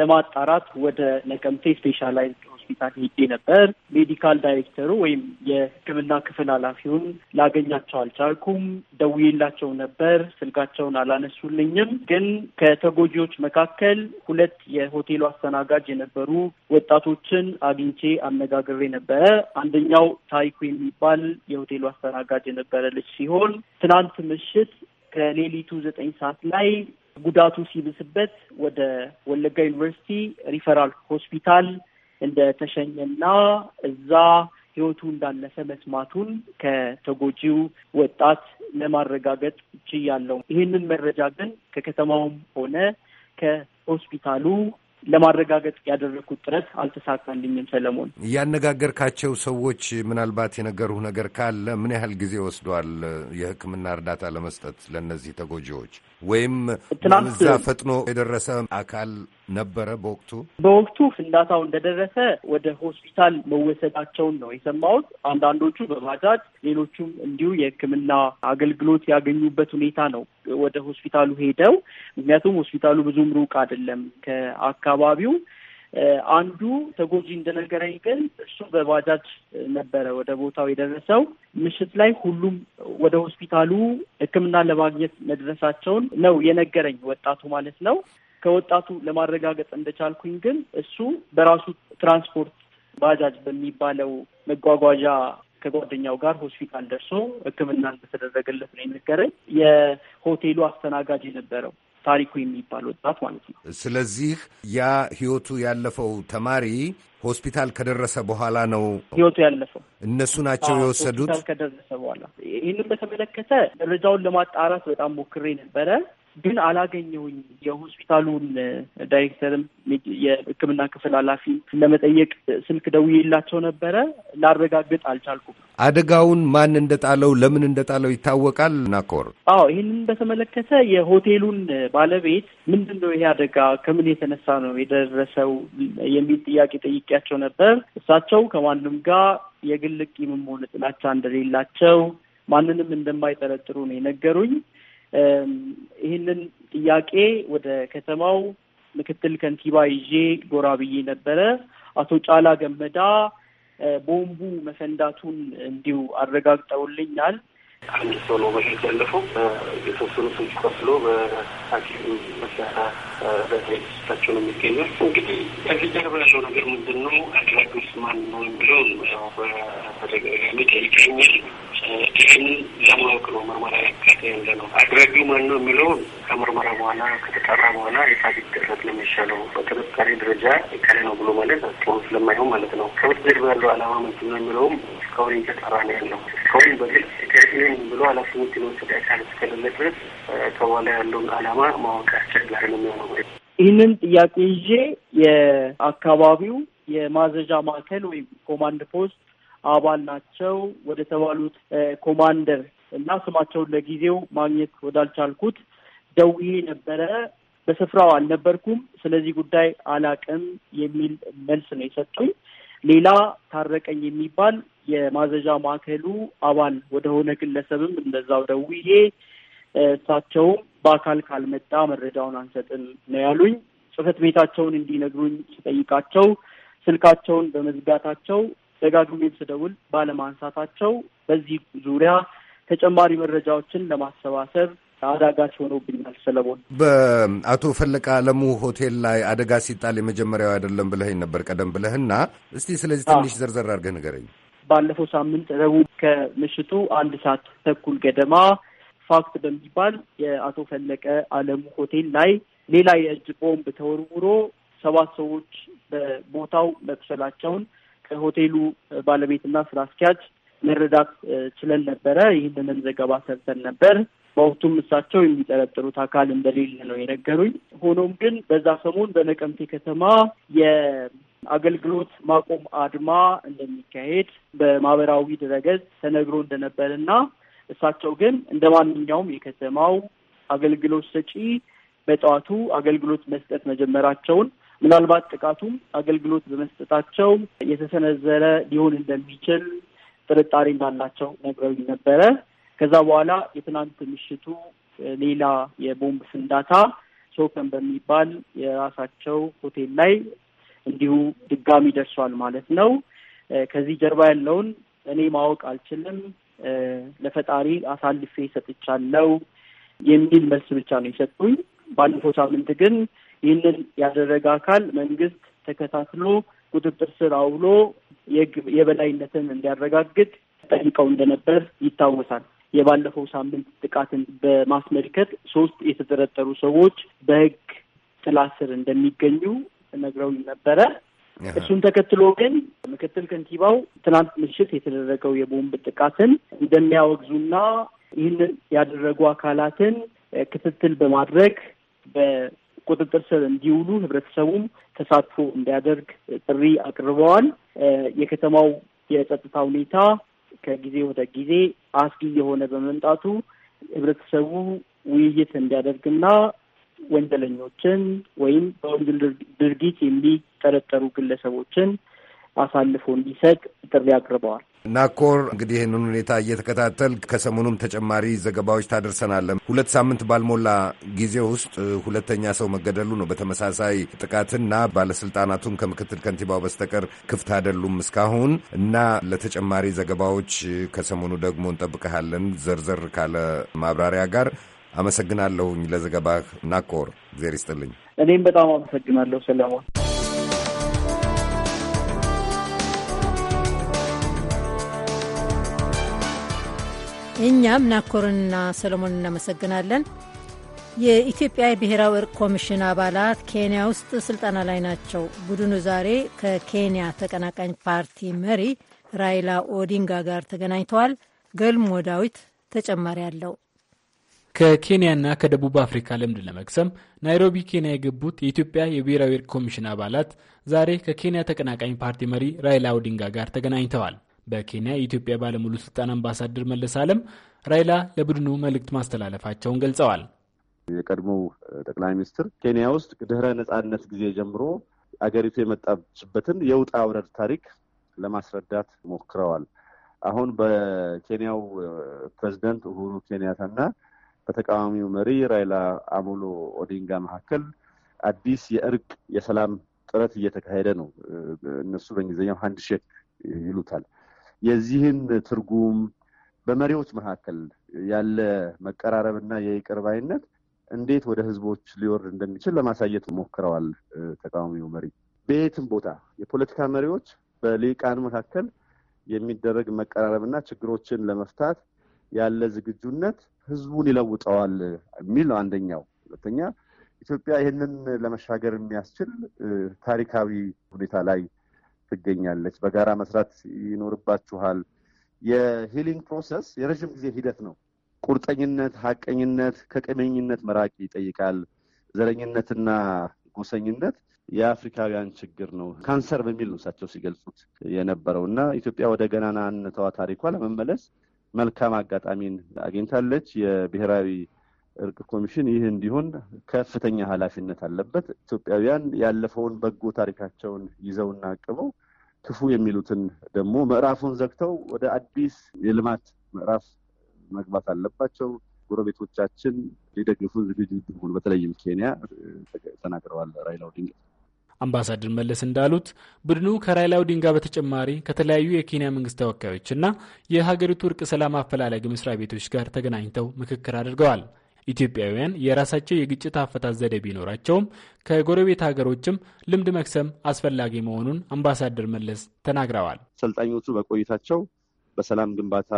ለማጣራት ወደ ነቀምቴ ስፔሻላይዝድ ሆስፒታል ሄጄ ነበር። ሜዲካል ዳይሬክተሩ ወይም የሕክምና ክፍል ኃላፊውን ላገኛቸው አልቻልኩም። ደውዬላቸው ነበር፣ ስልካቸውን አላነሱልኝም። ግን ከተጎጂዎች መካከል ሁለት የሆቴሉ አስተናጋጅ የነበሩ ወጣቶችን አግኝቼ አነጋግሬ ነበረ። አንደኛው ታይኩ የሚባል የሆቴሉ አስተናጋጅ የነበረ ልጅ ሲሆን ትናንት ምሽት ከሌሊቱ ዘጠኝ ሰዓት ላይ ጉዳቱ ሲብስበት ወደ ወለጋ ዩኒቨርሲቲ ሪፈራል ሆስፒታል እንደተሸኘና እዛ ህይወቱ እንዳለፈ መስማቱን ከተጎጂው ወጣት ለማረጋገጥ ችያለሁ። ይህንን መረጃ ግን ከከተማውም ሆነ ከሆስፒታሉ ለማረጋገጥ ያደረግኩት ጥረት አልተሳካልኝም። ሰለሞን፣ እያነጋገርካቸው ሰዎች ምናልባት የነገሩህ ነገር ካለ ምን ያህል ጊዜ ወስዷል የህክምና እርዳታ ለመስጠት ለእነዚህ ተጎጂዎች? ወይም እዛ ፈጥኖ የደረሰ አካል ነበረ በወቅቱ በወቅቱ ፍንዳታው እንደደረሰ ወደ ሆስፒታል መወሰዳቸውን ነው የሰማሁት። አንዳንዶቹ በባጃጅ ሌሎቹም እንዲሁ የሕክምና አገልግሎት ያገኙበት ሁኔታ ነው ወደ ሆስፒታሉ ሄደው። ምክንያቱም ሆስፒታሉ ብዙም ሩቅ አይደለም ከአካባቢው። አንዱ ተጎጂ እንደነገረኝ ግን እሱ በባጃጅ ነበረ ወደ ቦታው የደረሰው። ምሽት ላይ ሁሉም ወደ ሆስፒታሉ ሕክምና ለማግኘት መድረሳቸውን ነው የነገረኝ ወጣቱ ማለት ነው። ከወጣቱ ለማረጋገጥ እንደቻልኩኝ ግን እሱ በራሱ ትራንስፖርት ባጃጅ በሚባለው መጓጓዣ ከጓደኛው ጋር ሆስፒታል ደርሶ ሕክምና እንደተደረገለት ነው የነገረኝ። የሆቴሉ አስተናጋጅ የነበረው ታሪኩ የሚባል ወጣት ማለት ነው። ስለዚህ ያ ህይወቱ ያለፈው ተማሪ ሆስፒታል ከደረሰ በኋላ ነው ህይወቱ ያለፈው። እነሱ ናቸው የወሰዱት። ከደረሰ በኋላ ይህንም በተመለከተ መረጃውን ለማጣራት በጣም ሞክሬ ነበረ። ግን አላገኘውኝ። የሆስፒታሉን ዳይሬክተርም የሕክምና ክፍል ኃላፊ ለመጠየቅ ስልክ ደውዬላቸው ነበረ። ላረጋግጥ አልቻልኩም። አደጋውን ማን እንደጣለው ለምን እንደጣለው ይታወቃል? ናኮር አዎ፣ ይህንን በተመለከተ የሆቴሉን ባለቤት ምንድን ነው ይሄ አደጋ ከምን የተነሳ ነው የደረሰው የሚል ጥያቄ ጠይቄያቸው ነበር። እሳቸው ከማንም ጋር የግል ቂምም ሆነ ጥላቻ እንደሌላቸው ማንንም እንደማይጠረጥሩ ነው የነገሩኝ። ይህንን ጥያቄ ወደ ከተማው ምክትል ከንቲባ ይዤ ጎራ ብዬ ነበረ። አቶ ጫላ ገመዳ ቦምቡ መፈንዳቱን እንዲሁ አረጋግጠውልኛል። አንድ ሰው ነው በህይወት ያለፈው። የተወሰኑ ሰዎች ቆስሎ በሐኪም መሳሪያ በታቸው ነው የሚገኘው። እንግዲህ ከዚህ ጀርባ ያለው ነገር ምንድን ነው? አድራጊስ ማን ነው ብለው በተደጋጋሚ ጠይቀኛል። ይህን ለማወቅ ነው ምርመራ ያካሄደ ያለ ነው። አድራጊው ማን ነው የሚለውን ከምርመራ በኋላ ከተጠራ በኋላ የፋት ይደረግ ነው የሚሻለው። በጥርጣሬ ደረጃ ይካሄ ነው ብሎ ማለት ጥሩ ስለማይሆን ማለት ነው። ከበስተጀርባ ያለው አላማ ምንድን ነው የሚለውም እስካሁን እየተጠራ ነው ያለው። እስካሁን በግልጽ ኢትዮጵያን ብሎ ኃላፊነት የመውሰድ አካል እስከሌለ ድረስ ከኋላ ያለውን ዓላማ ማወቅ አስቸጋሪ ነው የሚሆነው። ይህንን ጥያቄ ይዤ የአካባቢው የማዘዣ ማዕከል ወይም ኮማንድ ፖስት አባል ናቸው ወደ ተባሉት ኮማንደር እና ስማቸውን ለጊዜው ማግኘት ወዳልቻልኩት ደውዬ ነበረ። በስፍራው አልነበርኩም፣ ስለዚህ ጉዳይ አላቅም የሚል መልስ ነው የሰጡኝ። ሌላ ታረቀኝ የሚባል የማዘዣ ማዕከሉ አባል ወደሆነ ግለሰብም እንደዛው ደውዬ እሳቸውም በአካል ካልመጣ መረጃውን አንሰጥም ነው ያሉኝ። ጽህፈት ቤታቸውን እንዲነግሩኝ ስጠይቃቸው ስልካቸውን በመዝጋታቸው ደጋግሜም ስደውል ባለማንሳታቸው በዚህ ዙሪያ ተጨማሪ መረጃዎችን ለማሰባሰብ አዳጋች ሆኖብኛል። ሰለሞን፣ በአቶ ፈለቀ አለሙ ሆቴል ላይ አደጋ ሲጣል የመጀመሪያው አይደለም ብለህኝ ነበር ቀደም ብለህና፣ እስቲ ስለዚህ ትንሽ ዘርዘር አድርገህ ንገረኝ። ባለፈው ሳምንት ረቡዕ ከምሽቱ አንድ ሰዓት ተኩል ገደማ ፋክት በሚባል የአቶ ፈለቀ አለሙ ሆቴል ላይ ሌላ የእጅ ቦምብ ተወርውሮ ሰባት ሰዎች በቦታው መቁሰላቸውን ከሆቴሉ ባለቤትና ስራ አስኪያጅ መረዳት ችለን ነበረ። ይህንንም ዘገባ ሰርተን ነበር። በወቅቱም እሳቸው የሚጠረጥሩት አካል እንደሌለ ነው የነገሩኝ። ሆኖም ግን በዛ ሰሞን በነቀምቴ ከተማ አገልግሎት ማቆም አድማ እንደሚካሄድ በማህበራዊ ድረገጽ ተነግሮ እንደነበርና እሳቸው ግን እንደ ማንኛውም የከተማው አገልግሎት ሰጪ በጠዋቱ አገልግሎት መስጠት መጀመራቸውን ምናልባት ጥቃቱም አገልግሎት በመስጠታቸው የተሰነዘረ ሊሆን እንደሚችል ጥርጣሬ እንዳላቸው ነግረው ነበረ። ከዛ በኋላ የትናንት ምሽቱ ሌላ የቦምብ ፍንዳታ ሶከን በሚባል የራሳቸው ሆቴል ላይ እንዲሁ ድጋሚ ደርሷል ማለት ነው። ከዚህ ጀርባ ያለውን እኔ ማወቅ አልችልም፣ ለፈጣሪ አሳልፌ ሰጥቻለሁ የሚል መልስ ብቻ ነው የሰጡኝ። ባለፈው ሳምንት ግን ይህንን ያደረገ አካል መንግስት ተከታትሎ ቁጥጥር ስር አውሎ የበላይነትን እንዲያረጋግጥ ጠይቀው እንደነበር ይታወሳል። የባለፈው ሳምንት ጥቃትን በማስመልከት ሶስት የተጠረጠሩ ሰዎች በህግ ጥላ ስር እንደሚገኙ ነግረውኝ ነበረ። እሱን ተከትሎ ግን ምክትል ከንቲባው ትናንት ምሽት የተደረገው የቦምብ ጥቃትን እንደሚያወግዙና ይህንን ያደረጉ አካላትን ክትትል በማድረግ በቁጥጥር ስር እንዲውሉ ህብረተሰቡም ተሳትፎ እንዲያደርግ ጥሪ አቅርበዋል። የከተማው የጸጥታ ሁኔታ ከጊዜ ወደ ጊዜ አስጊ የሆነ በመምጣቱ ህብረተሰቡ ውይይት እንዲያደርግና ወንጀለኞችን ወይም በወንጀል ድርጊት የሚጠረጠሩ ግለሰቦችን አሳልፎ እንዲሰጥ ጥሪ አቅርበዋል። ናኮር እንግዲህ ይህንን ሁኔታ እየተከታተል ከሰሞኑም ተጨማሪ ዘገባዎች ታደርሰናለን። ሁለት ሳምንት ባልሞላ ጊዜ ውስጥ ሁለተኛ ሰው መገደሉ ነው በተመሳሳይ ጥቃትና ባለስልጣናቱን ከምክትል ከንቲባው በስተቀር ክፍት አይደሉም እስካሁን እና ለተጨማሪ ዘገባዎች ከሰሞኑ ደግሞ እንጠብቀሃለን ዘርዘር ካለ ማብራሪያ ጋር አመሰግናለሁኝ ለዘገባህ ናኮር፣ እግዜር ይስጥልኝ። እኔም በጣም አመሰግናለሁ ሰለሞን። እኛም ናኮርንና ሰሎሞን እናመሰግናለን። የኢትዮጵያ የብሔራዊ እርቅ ኮሚሽን አባላት ኬንያ ውስጥ ስልጠና ላይ ናቸው። ቡድኑ ዛሬ ከኬንያ ተቀናቃኝ ፓርቲ መሪ ራይላ ኦዲንጋ ጋር ተገናኝተዋል። ገልሞ ዳዊት ተጨማሪ አለው። ከኬንያና ከደቡብ አፍሪካ ልምድ ለመቅሰም ናይሮቢ ኬንያ የገቡት የኢትዮጵያ የብሔራዊ እርቅ ኮሚሽን አባላት ዛሬ ከኬንያ ተቀናቃኝ ፓርቲ መሪ ራይላ ኦዲንጋ ጋር ተገናኝተዋል። በኬንያ የኢትዮጵያ ባለሙሉ ስልጣን አምባሳደር መለስ አለም ራይላ ለቡድኑ መልእክት ማስተላለፋቸውን ገልጸዋል። የቀድሞው ጠቅላይ ሚኒስትር ኬንያ ውስጥ ድህረ ነጻነት ጊዜ ጀምሮ አገሪቱ የመጣችበትን የውጣ ውረድ ታሪክ ለማስረዳት ሞክረዋል። አሁን በኬንያው ፕሬዚደንት ኡሁሩ ኬንያታና በተቃዋሚው መሪ ራይላ አሞሎ ኦዲንጋ መካከል አዲስ የእርቅ የሰላም ጥረት እየተካሄደ ነው። እነሱ በእንግሊዝኛው ሀንድ ሼክ ይሉታል። የዚህን ትርጉም በመሪዎች መካከል ያለ መቀራረብና የይቅር ባይነት እንዴት ወደ ህዝቦች ሊወርድ እንደሚችል ለማሳየት ሞክረዋል። ተቃዋሚው መሪ በየትም ቦታ የፖለቲካ መሪዎች በሊቃን መካከል የሚደረግ መቀራረብና ችግሮችን ለመፍታት ያለ ዝግጁነት ህዝቡን ይለውጠዋል የሚል ነው አንደኛው። ሁለተኛ ኢትዮጵያ ይህንን ለመሻገር የሚያስችል ታሪካዊ ሁኔታ ላይ ትገኛለች። በጋራ መስራት ይኖርባችኋል። የሂሊንግ ፕሮሰስ የረዥም ጊዜ ሂደት ነው። ቁርጠኝነት፣ ሀቀኝነት፣ ከቀመኝነት መራቅ ይጠይቃል። ዘረኝነትና ጎሰኝነት የአፍሪካውያን ችግር ነው፣ ካንሰር በሚል ነው እሳቸው ሲገልጹት የነበረው እና ኢትዮጵያ ወደ ገናናነቷ ታሪኳ ለመመለስ መልካም አጋጣሚን አግኝታለች። የብሔራዊ እርቅ ኮሚሽን ይህ እንዲሆን ከፍተኛ ኃላፊነት አለበት። ኢትዮጵያውያን ያለፈውን በጎ ታሪካቸውን ይዘውና አቅበው ክፉ የሚሉትን ደግሞ ምዕራፉን ዘግተው ወደ አዲስ የልማት ምዕራፍ መግባት አለባቸው። ጎረቤቶቻችን ሊደግፉን ዝግጁ ሆኑ። በተለይም ኬንያ ተናግረዋል ራይላ ኦዲንጋ አምባሳደር መለስ እንዳሉት ቡድኑ ከራይላው ዲንጋ በተጨማሪ ከተለያዩ የኬንያ መንግስት ተወካዮችና የሀገሪቱ እርቅ ሰላም አፈላላጊ መስሪያ ቤቶች ጋር ተገናኝተው ምክክር አድርገዋል። ኢትዮጵያውያን የራሳቸው የግጭት አፈታት ዘዴ ቢኖራቸውም ከጎረቤት ሀገሮችም ልምድ መክሰም አስፈላጊ መሆኑን አምባሳደር መለስ ተናግረዋል። ሰልጣኞቹ በቆይታቸው በሰላም ግንባታ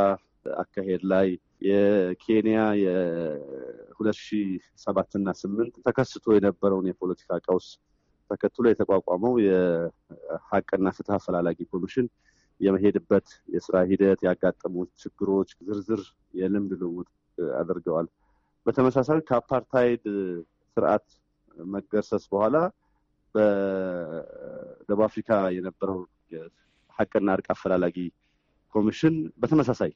አካሄድ ላይ የኬንያ የሁለት ሺህ ሰባትና ስምንት ተከስቶ የነበረውን የፖለቲካ ቀውስ ተከትሎ የተቋቋመው የሀቅና ፍትህ አፈላላጊ ኮሚሽን የመሄድበት የስራ ሂደት ያጋጠሙ ችግሮች ዝርዝር የልምድ ልውውጥ አድርገዋል። በተመሳሳይ ከአፓርታይድ ስርዓት መገርሰስ በኋላ በደቡብ አፍሪካ የነበረው ሀቅና እርቅ አፈላላጊ ኮሚሽን በተመሳሳይ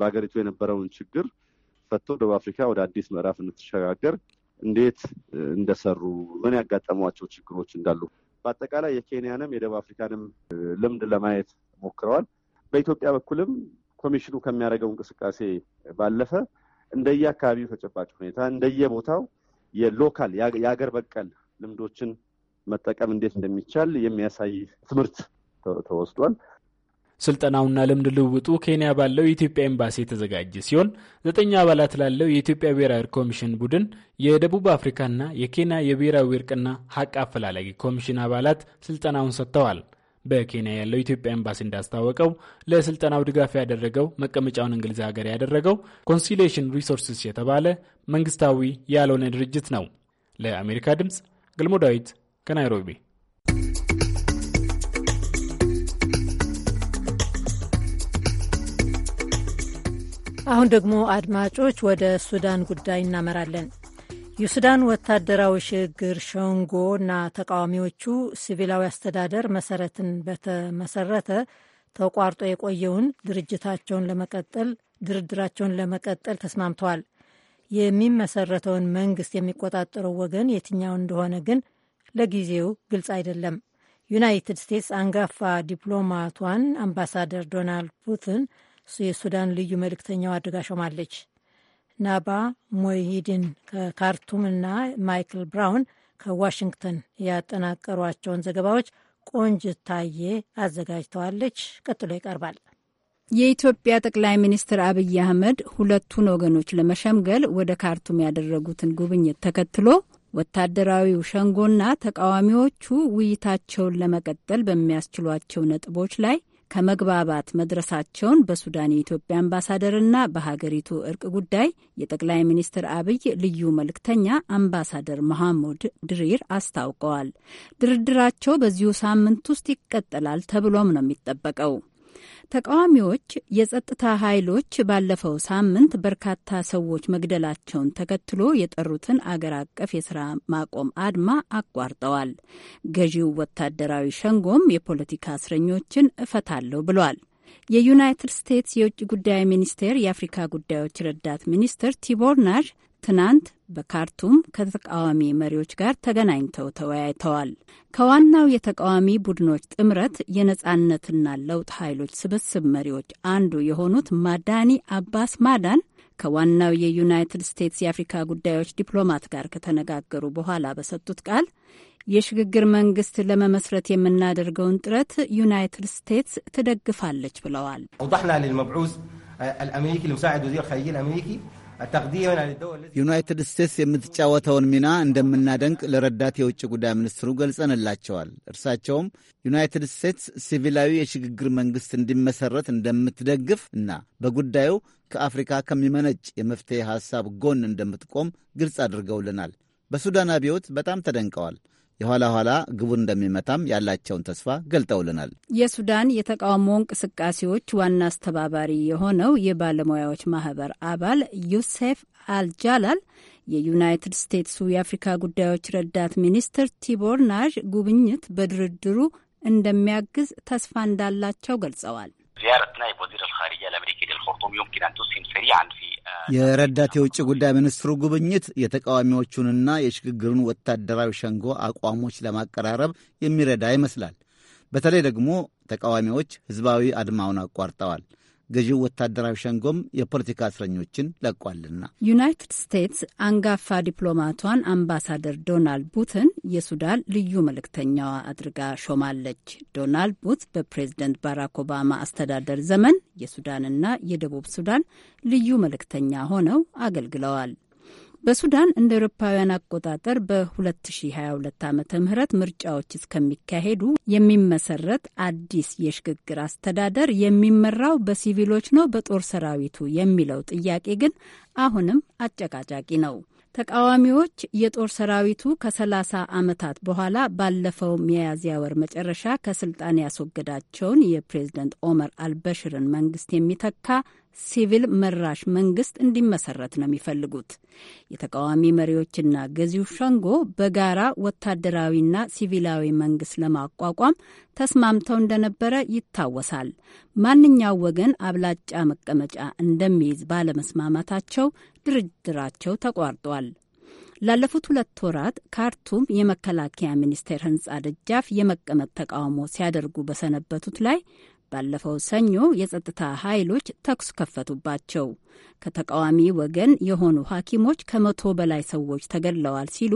በሀገሪቱ የነበረውን ችግር ፈቶ ደቡብ አፍሪካ ወደ አዲስ ምዕራፍ እንድትሸጋገር እንዴት እንደሰሩ፣ ምን ያጋጠሟቸው ችግሮች እንዳሉ በአጠቃላይ የኬንያንም የደቡብ አፍሪካንም ልምድ ለማየት ሞክረዋል። በኢትዮጵያ በኩልም ኮሚሽኑ ከሚያደርገው እንቅስቃሴ ባለፈ እንደየ አካባቢው ተጨባጭ ሁኔታ እንደየ ቦታው የሎካል የአገር በቀል ልምዶችን መጠቀም እንዴት እንደሚቻል የሚያሳይ ትምህርት ተወስዷል። ስልጠናውና ልምድ ልውውጡ ኬንያ ባለው የኢትዮጵያ ኤምባሲ የተዘጋጀ ሲሆን ዘጠኝ አባላት ላለው የኢትዮጵያ ብሔራዊ እርቅ ኮሚሽን ቡድን የደቡብ አፍሪካና የኬንያ የብሔራዊ እርቅና ሀቅ አፈላላጊ ኮሚሽን አባላት ስልጠናውን ሰጥተዋል። በኬንያ ያለው የኢትዮጵያ ኤምባሲ እንዳስታወቀው ለስልጠናው ድጋፍ ያደረገው መቀመጫውን እንግሊዝ ሀገር ያደረገው ኮንሲሌሽን ሪሶርስስ የተባለ መንግስታዊ ያልሆነ ድርጅት ነው። ለአሜሪካ ድምፅ ገልሞ ዳዊት ከናይሮቢ አሁን ደግሞ አድማጮች ወደ ሱዳን ጉዳይ እናመራለን። የሱዳን ወታደራዊ ሽግግር ሸንጎና ተቃዋሚዎቹ ሲቪላዊ አስተዳደር መሰረትን በተመሰረተ ተቋርጦ የቆየውን ድርጅታቸውን ለመቀጠል ድርድራቸውን ለመቀጠል ተስማምተዋል። የሚመሰረተውን መንግስት የሚቆጣጠረው ወገን የትኛው እንደሆነ ግን ለጊዜው ግልጽ አይደለም። ዩናይትድ ስቴትስ አንጋፋ ዲፕሎማቷን አምባሳደር ዶናልድ ፑትን የሱዳን ልዩ መልእክተኛው አድርጋ ሾማለች። ናባ ሞይሂድን ከካርቱም እና ማይክል ብራውን ከዋሽንግተን ያጠናቀሯቸውን ዘገባዎች ቆንጅት ታዬ አዘጋጅተዋለች። ቀጥሎ ይቀርባል። የኢትዮጵያ ጠቅላይ ሚኒስትር አብይ አህመድ ሁለቱን ወገኖች ለመሸምገል ወደ ካርቱም ያደረጉትን ጉብኝት ተከትሎ ወታደራዊው ሸንጎና ተቃዋሚዎቹ ውይይታቸውን ለመቀጠል በሚያስችሏቸው ነጥቦች ላይ ከመግባባት መድረሳቸውን በሱዳን የኢትዮጵያ አምባሳደርና በሀገሪቱ እርቅ ጉዳይ የጠቅላይ ሚኒስትር አብይ ልዩ መልእክተኛ አምባሳደር መሐሙድ ድሪር አስታውቀዋል። ድርድራቸው በዚሁ ሳምንት ውስጥ ይቀጥላል ተብሎም ነው የሚጠበቀው። ተቃዋሚዎች የጸጥታ ኃይሎች ባለፈው ሳምንት በርካታ ሰዎች መግደላቸውን ተከትሎ የጠሩትን አገር አቀፍ የስራ ማቆም አድማ አቋርጠዋል። ገዢው ወታደራዊ ሸንጎም የፖለቲካ እስረኞችን እፈታለሁ ብሏል። የዩናይትድ ስቴትስ የውጭ ጉዳይ ሚኒስቴር የአፍሪካ ጉዳዮች ረዳት ሚኒስትር ቲቦር ናዥ ትናንት በካርቱም ከተቃዋሚ መሪዎች ጋር ተገናኝተው ተወያይተዋል። ከዋናው የተቃዋሚ ቡድኖች ጥምረት የነጻነትና ለውጥ ኃይሎች ስብስብ መሪዎች አንዱ የሆኑት ማዳኒ አባስ ማዳን ከዋናው የዩናይትድ ስቴትስ የአፍሪካ ጉዳዮች ዲፕሎማት ጋር ከተነጋገሩ በኋላ በሰጡት ቃል የሽግግር መንግስት ለመመስረት የምናደርገውን ጥረት ዩናይትድ ስቴትስ ትደግፋለች ብለዋል። ዩናይትድ ስቴትስ የምትጫወተውን ሚና እንደምናደንቅ ለረዳት የውጭ ጉዳይ ሚኒስትሩ ገልጸንላቸዋል። እርሳቸውም ዩናይትድ ስቴትስ ሲቪላዊ የሽግግር መንግሥት እንዲመሠረት እንደምትደግፍ እና በጉዳዩ ከአፍሪካ ከሚመነጭ የመፍትሔ ሐሳብ ጎን እንደምትቆም ግልጽ አድርገውልናል። በሱዳን አብዮት በጣም ተደንቀዋል። የኋላ ኋላ ግቡን እንደሚመታም ያላቸውን ተስፋ ገልጠውልናል። የሱዳን የተቃውሞ እንቅስቃሴዎች ዋና አስተባባሪ የሆነው የባለሙያዎች ማህበር አባል ዩሴፍ አልጃላል የዩናይትድ ስቴትሱ የአፍሪካ ጉዳዮች ረዳት ሚኒስትር ቲቦር ናዥ ጉብኝት በድርድሩ እንደሚያግዝ ተስፋ እንዳላቸው ገልጸዋል። زيارة نائب وزير الخارجية الأمريكي للخرطوم يمكن أن تسهم سريعا في የረዳት የውጭ ጉዳይ ሚኒስትሩ ጉብኝት የተቃዋሚዎቹንና የሽግግሩን ወታደራዊ ሸንጎ አቋሞች ለማቀራረብ የሚረዳ ይመስላል። በተለይ ደግሞ ተቃዋሚዎች ህዝባዊ አድማውን አቋርጠዋል። ገዢው ወታደራዊ ሸንጎም የፖለቲካ እስረኞችን ለቋልና ዩናይትድ ስቴትስ አንጋፋ ዲፕሎማቷን አምባሳደር ዶናልድ ቡትን የሱዳን ልዩ መልእክተኛዋ አድርጋ ሾማለች። ዶናልድ ቡት በፕሬዝደንት ባራክ ኦባማ አስተዳደር ዘመን የሱዳንና የደቡብ ሱዳን ልዩ መልእክተኛ ሆነው አገልግለዋል። በሱዳን እንደ አውሮፓውያን አቆጣጠር በ2022 ዓ ም ምርጫዎች እስከሚካሄዱ የሚመሰረት አዲስ የሽግግር አስተዳደር የሚመራው በሲቪሎች ነው በጦር ሰራዊቱ የሚለው ጥያቄ ግን አሁንም አጨቃጫቂ ነው። ተቃዋሚዎች የጦር ሰራዊቱ ከ30 ዓመታት በኋላ ባለፈው ሚያዝያ ወር መጨረሻ ከስልጣን ያስወገዳቸውን የፕሬዝደንት ኦመር አልበሽርን መንግስት የሚተካ ሲቪል መራሽ መንግስት እንዲመሰረት ነው የሚፈልጉት። የተቃዋሚ መሪዎችና ገዢው ሸንጎ በጋራ ወታደራዊና ሲቪላዊ መንግስት ለማቋቋም ተስማምተው እንደነበረ ይታወሳል። ማንኛው ወገን አብላጫ መቀመጫ እንደሚይዝ ባለመስማማታቸው ድርድራቸው ተቋርጧል። ላለፉት ሁለት ወራት ካርቱም የመከላከያ ሚኒስቴር ህንጻ ደጃፍ የመቀመጥ ተቃውሞ ሲያደርጉ በሰነበቱት ላይ ባለፈው ሰኞ የጸጥታ ኃይሎች ተኩስ ከፈቱባቸው። ከተቃዋሚ ወገን የሆኑ ሐኪሞች ከመቶ በላይ ሰዎች ተገድለዋል ሲሉ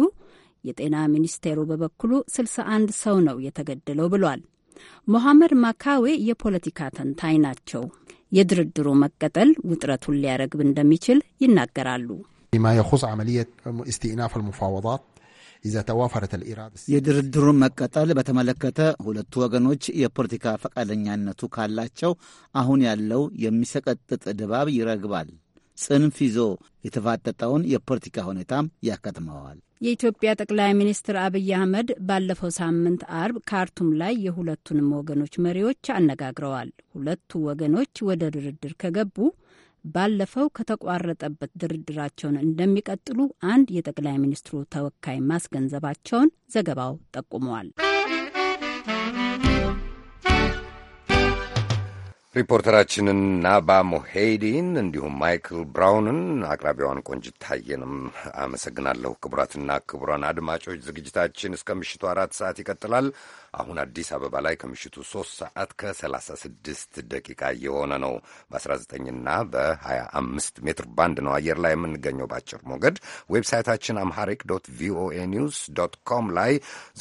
የጤና ሚኒስቴሩ በበኩሉ 61 ሰው ነው የተገደለው ብሏል። ሞሐመድ ማካዌ የፖለቲካ ተንታኝ ናቸው። የድርድሩ መቀጠል ውጥረቱን ሊያረግብ እንደሚችል ይናገራሉ። ማ የኹዝ ዐመልየት እስትኢናፍ የድርድሩን መቀጠል በተመለከተ ሁለቱ ወገኖች የፖለቲካ ፈቃደኛነቱ ካላቸው አሁን ያለው የሚሰቀጥጥ ድባብ ይረግባል። ጽንፍ ይዞ የተፋጠጠውን የፖለቲካ ሁኔታም ያከትመዋል። የኢትዮጵያ ጠቅላይ ሚኒስትር አብይ አህመድ ባለፈው ሳምንት አርብ ካርቱም ላይ የሁለቱንም ወገኖች መሪዎች አነጋግረዋል። ሁለቱ ወገኖች ወደ ድርድር ከገቡ ባለፈው ከተቋረጠበት ድርድራቸውን እንደሚቀጥሉ አንድ የጠቅላይ ሚኒስትሩ ተወካይ ማስገንዘባቸውን ዘገባው ጠቁመዋል። ሪፖርተራችንን ናባ ሞሄይዲን እንዲሁም ማይክል ብራውንን አቅራቢዋን ቆንጅት ታየንም አመሰግናለሁ። ክቡራትና ክቡራን አድማጮች ዝግጅታችን እስከ ምሽቱ አራት ሰዓት ይቀጥላል። አሁን አዲስ አበባ ላይ ከምሽቱ 3 ሰዓት ከ36 ደቂቃ የሆነ ነው። በ19ና በ25 ሜትር ባንድ ነው አየር ላይ የምንገኘው በአጭር ሞገድ። ዌብሳይታችን አምሐሪክ ዶት ቪኦኤ ኒውስ ዶት ኮም ላይ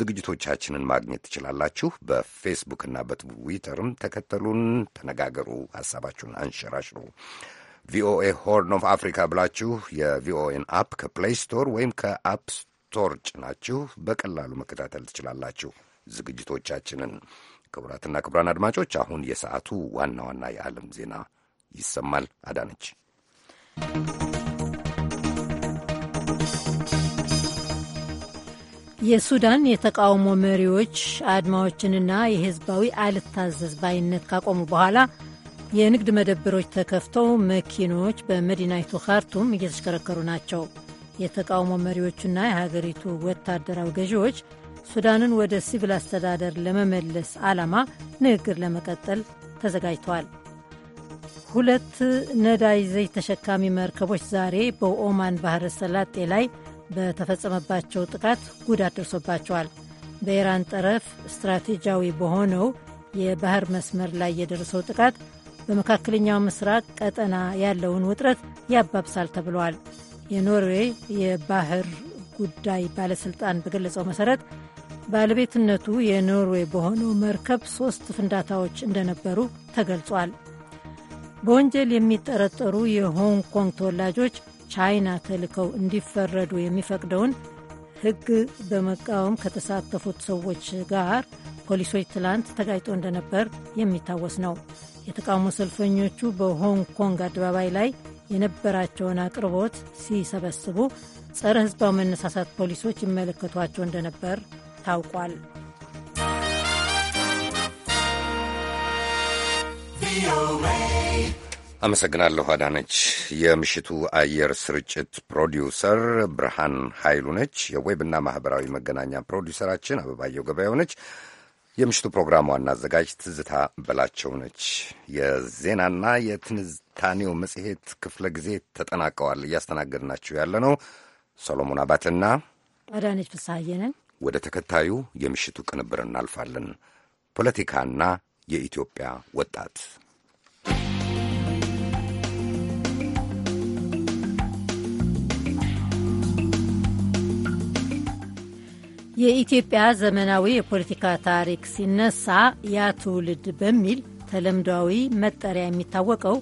ዝግጅቶቻችንን ማግኘት ትችላላችሁ። በፌስቡክና በትዊተርም ተከተሉን፣ ተነጋገሩ፣ ሀሳባችሁን አንሸራሽሩ። ቪኦኤ ሆርን ኦፍ አፍሪካ ብላችሁ የቪኦኤን አፕ ከፕሌይ ስቶር ወይም ከአፕ ስቶር ጭናችሁ በቀላሉ መከታተል ትችላላችሁ። ዝግጅቶቻችንን። ክቡራትና ክቡራን አድማጮች አሁን የሰዓቱ ዋና ዋና የዓለም ዜና ይሰማል። አዳነች። የሱዳን የተቃውሞ መሪዎች አድማዎችንና የህዝባዊ አልታዘዝ ባይነት ካቆሙ በኋላ የንግድ መደብሮች ተከፍተው መኪኖች በመዲናይቱ ካርቱም እየተሽከረከሩ ናቸው። የተቃውሞ መሪዎቹና የሀገሪቱ ወታደራዊ ገዢዎች ሱዳንን ወደ ሲቪል አስተዳደር ለመመለስ ዓላማ ንግግር ለመቀጠል ተዘጋጅተዋል። ሁለት ነዳጅ ዘይት ተሸካሚ መርከቦች ዛሬ በኦማን ባህረ ሰላጤ ላይ በተፈጸመባቸው ጥቃት ጉዳት ደርሶባቸዋል። በኢራን ጠረፍ ስትራቴጂያዊ በሆነው የባህር መስመር ላይ የደረሰው ጥቃት በመካከለኛው ምስራቅ ቀጠና ያለውን ውጥረት ያባብሳል ተብለዋል። የኖርዌይ የባህር ጉዳይ ባለሥልጣን በገለጸው መሠረት ባለቤትነቱ የኖርዌይ በሆነው መርከብ ሦስት ፍንዳታዎች እንደነበሩ ተገልጿል። በወንጀል የሚጠረጠሩ የሆንግ ኮንግ ተወላጆች ቻይና ተልከው እንዲፈረዱ የሚፈቅደውን ሕግ በመቃወም ከተሳተፉት ሰዎች ጋር ፖሊሶች ትላንት ተጋጭቶ እንደነበር የሚታወስ ነው። የተቃውሞ ሰልፈኞቹ በሆንግ ኮንግ አደባባይ ላይ የነበራቸውን አቅርቦት ሲሰበስቡ ጸረ ሕዝባዊ መነሳሳት ፖሊሶች ይመለከቷቸው እንደነበር ታውቋል። አመሰግናለሁ አዳነች። የምሽቱ አየር ስርጭት ፕሮዲውሰር ብርሃን ኃይሉ ነች። የዌብና ማኅበራዊ መገናኛ ፕሮዲውሰራችን አበባየው ገበያው ነች። የምሽቱ ፕሮግራም ዋና አዘጋጅ ትዝታ በላቸው ነች። የዜናና የትንታኔው መጽሔት ክፍለ ጊዜ ተጠናቀዋል። እያስተናገድናችሁ ያለ ነው ሰሎሞን አባትና አዳነች ፍስሐየንን ወደ ተከታዩ የምሽቱ ቅንብር እናልፋለን። ፖለቲካና የኢትዮጵያ ወጣት የኢትዮጵያ ዘመናዊ የፖለቲካ ታሪክ ሲነሳ ያ ትውልድ በሚል ተለምዳዊ መጠሪያ የሚታወቀው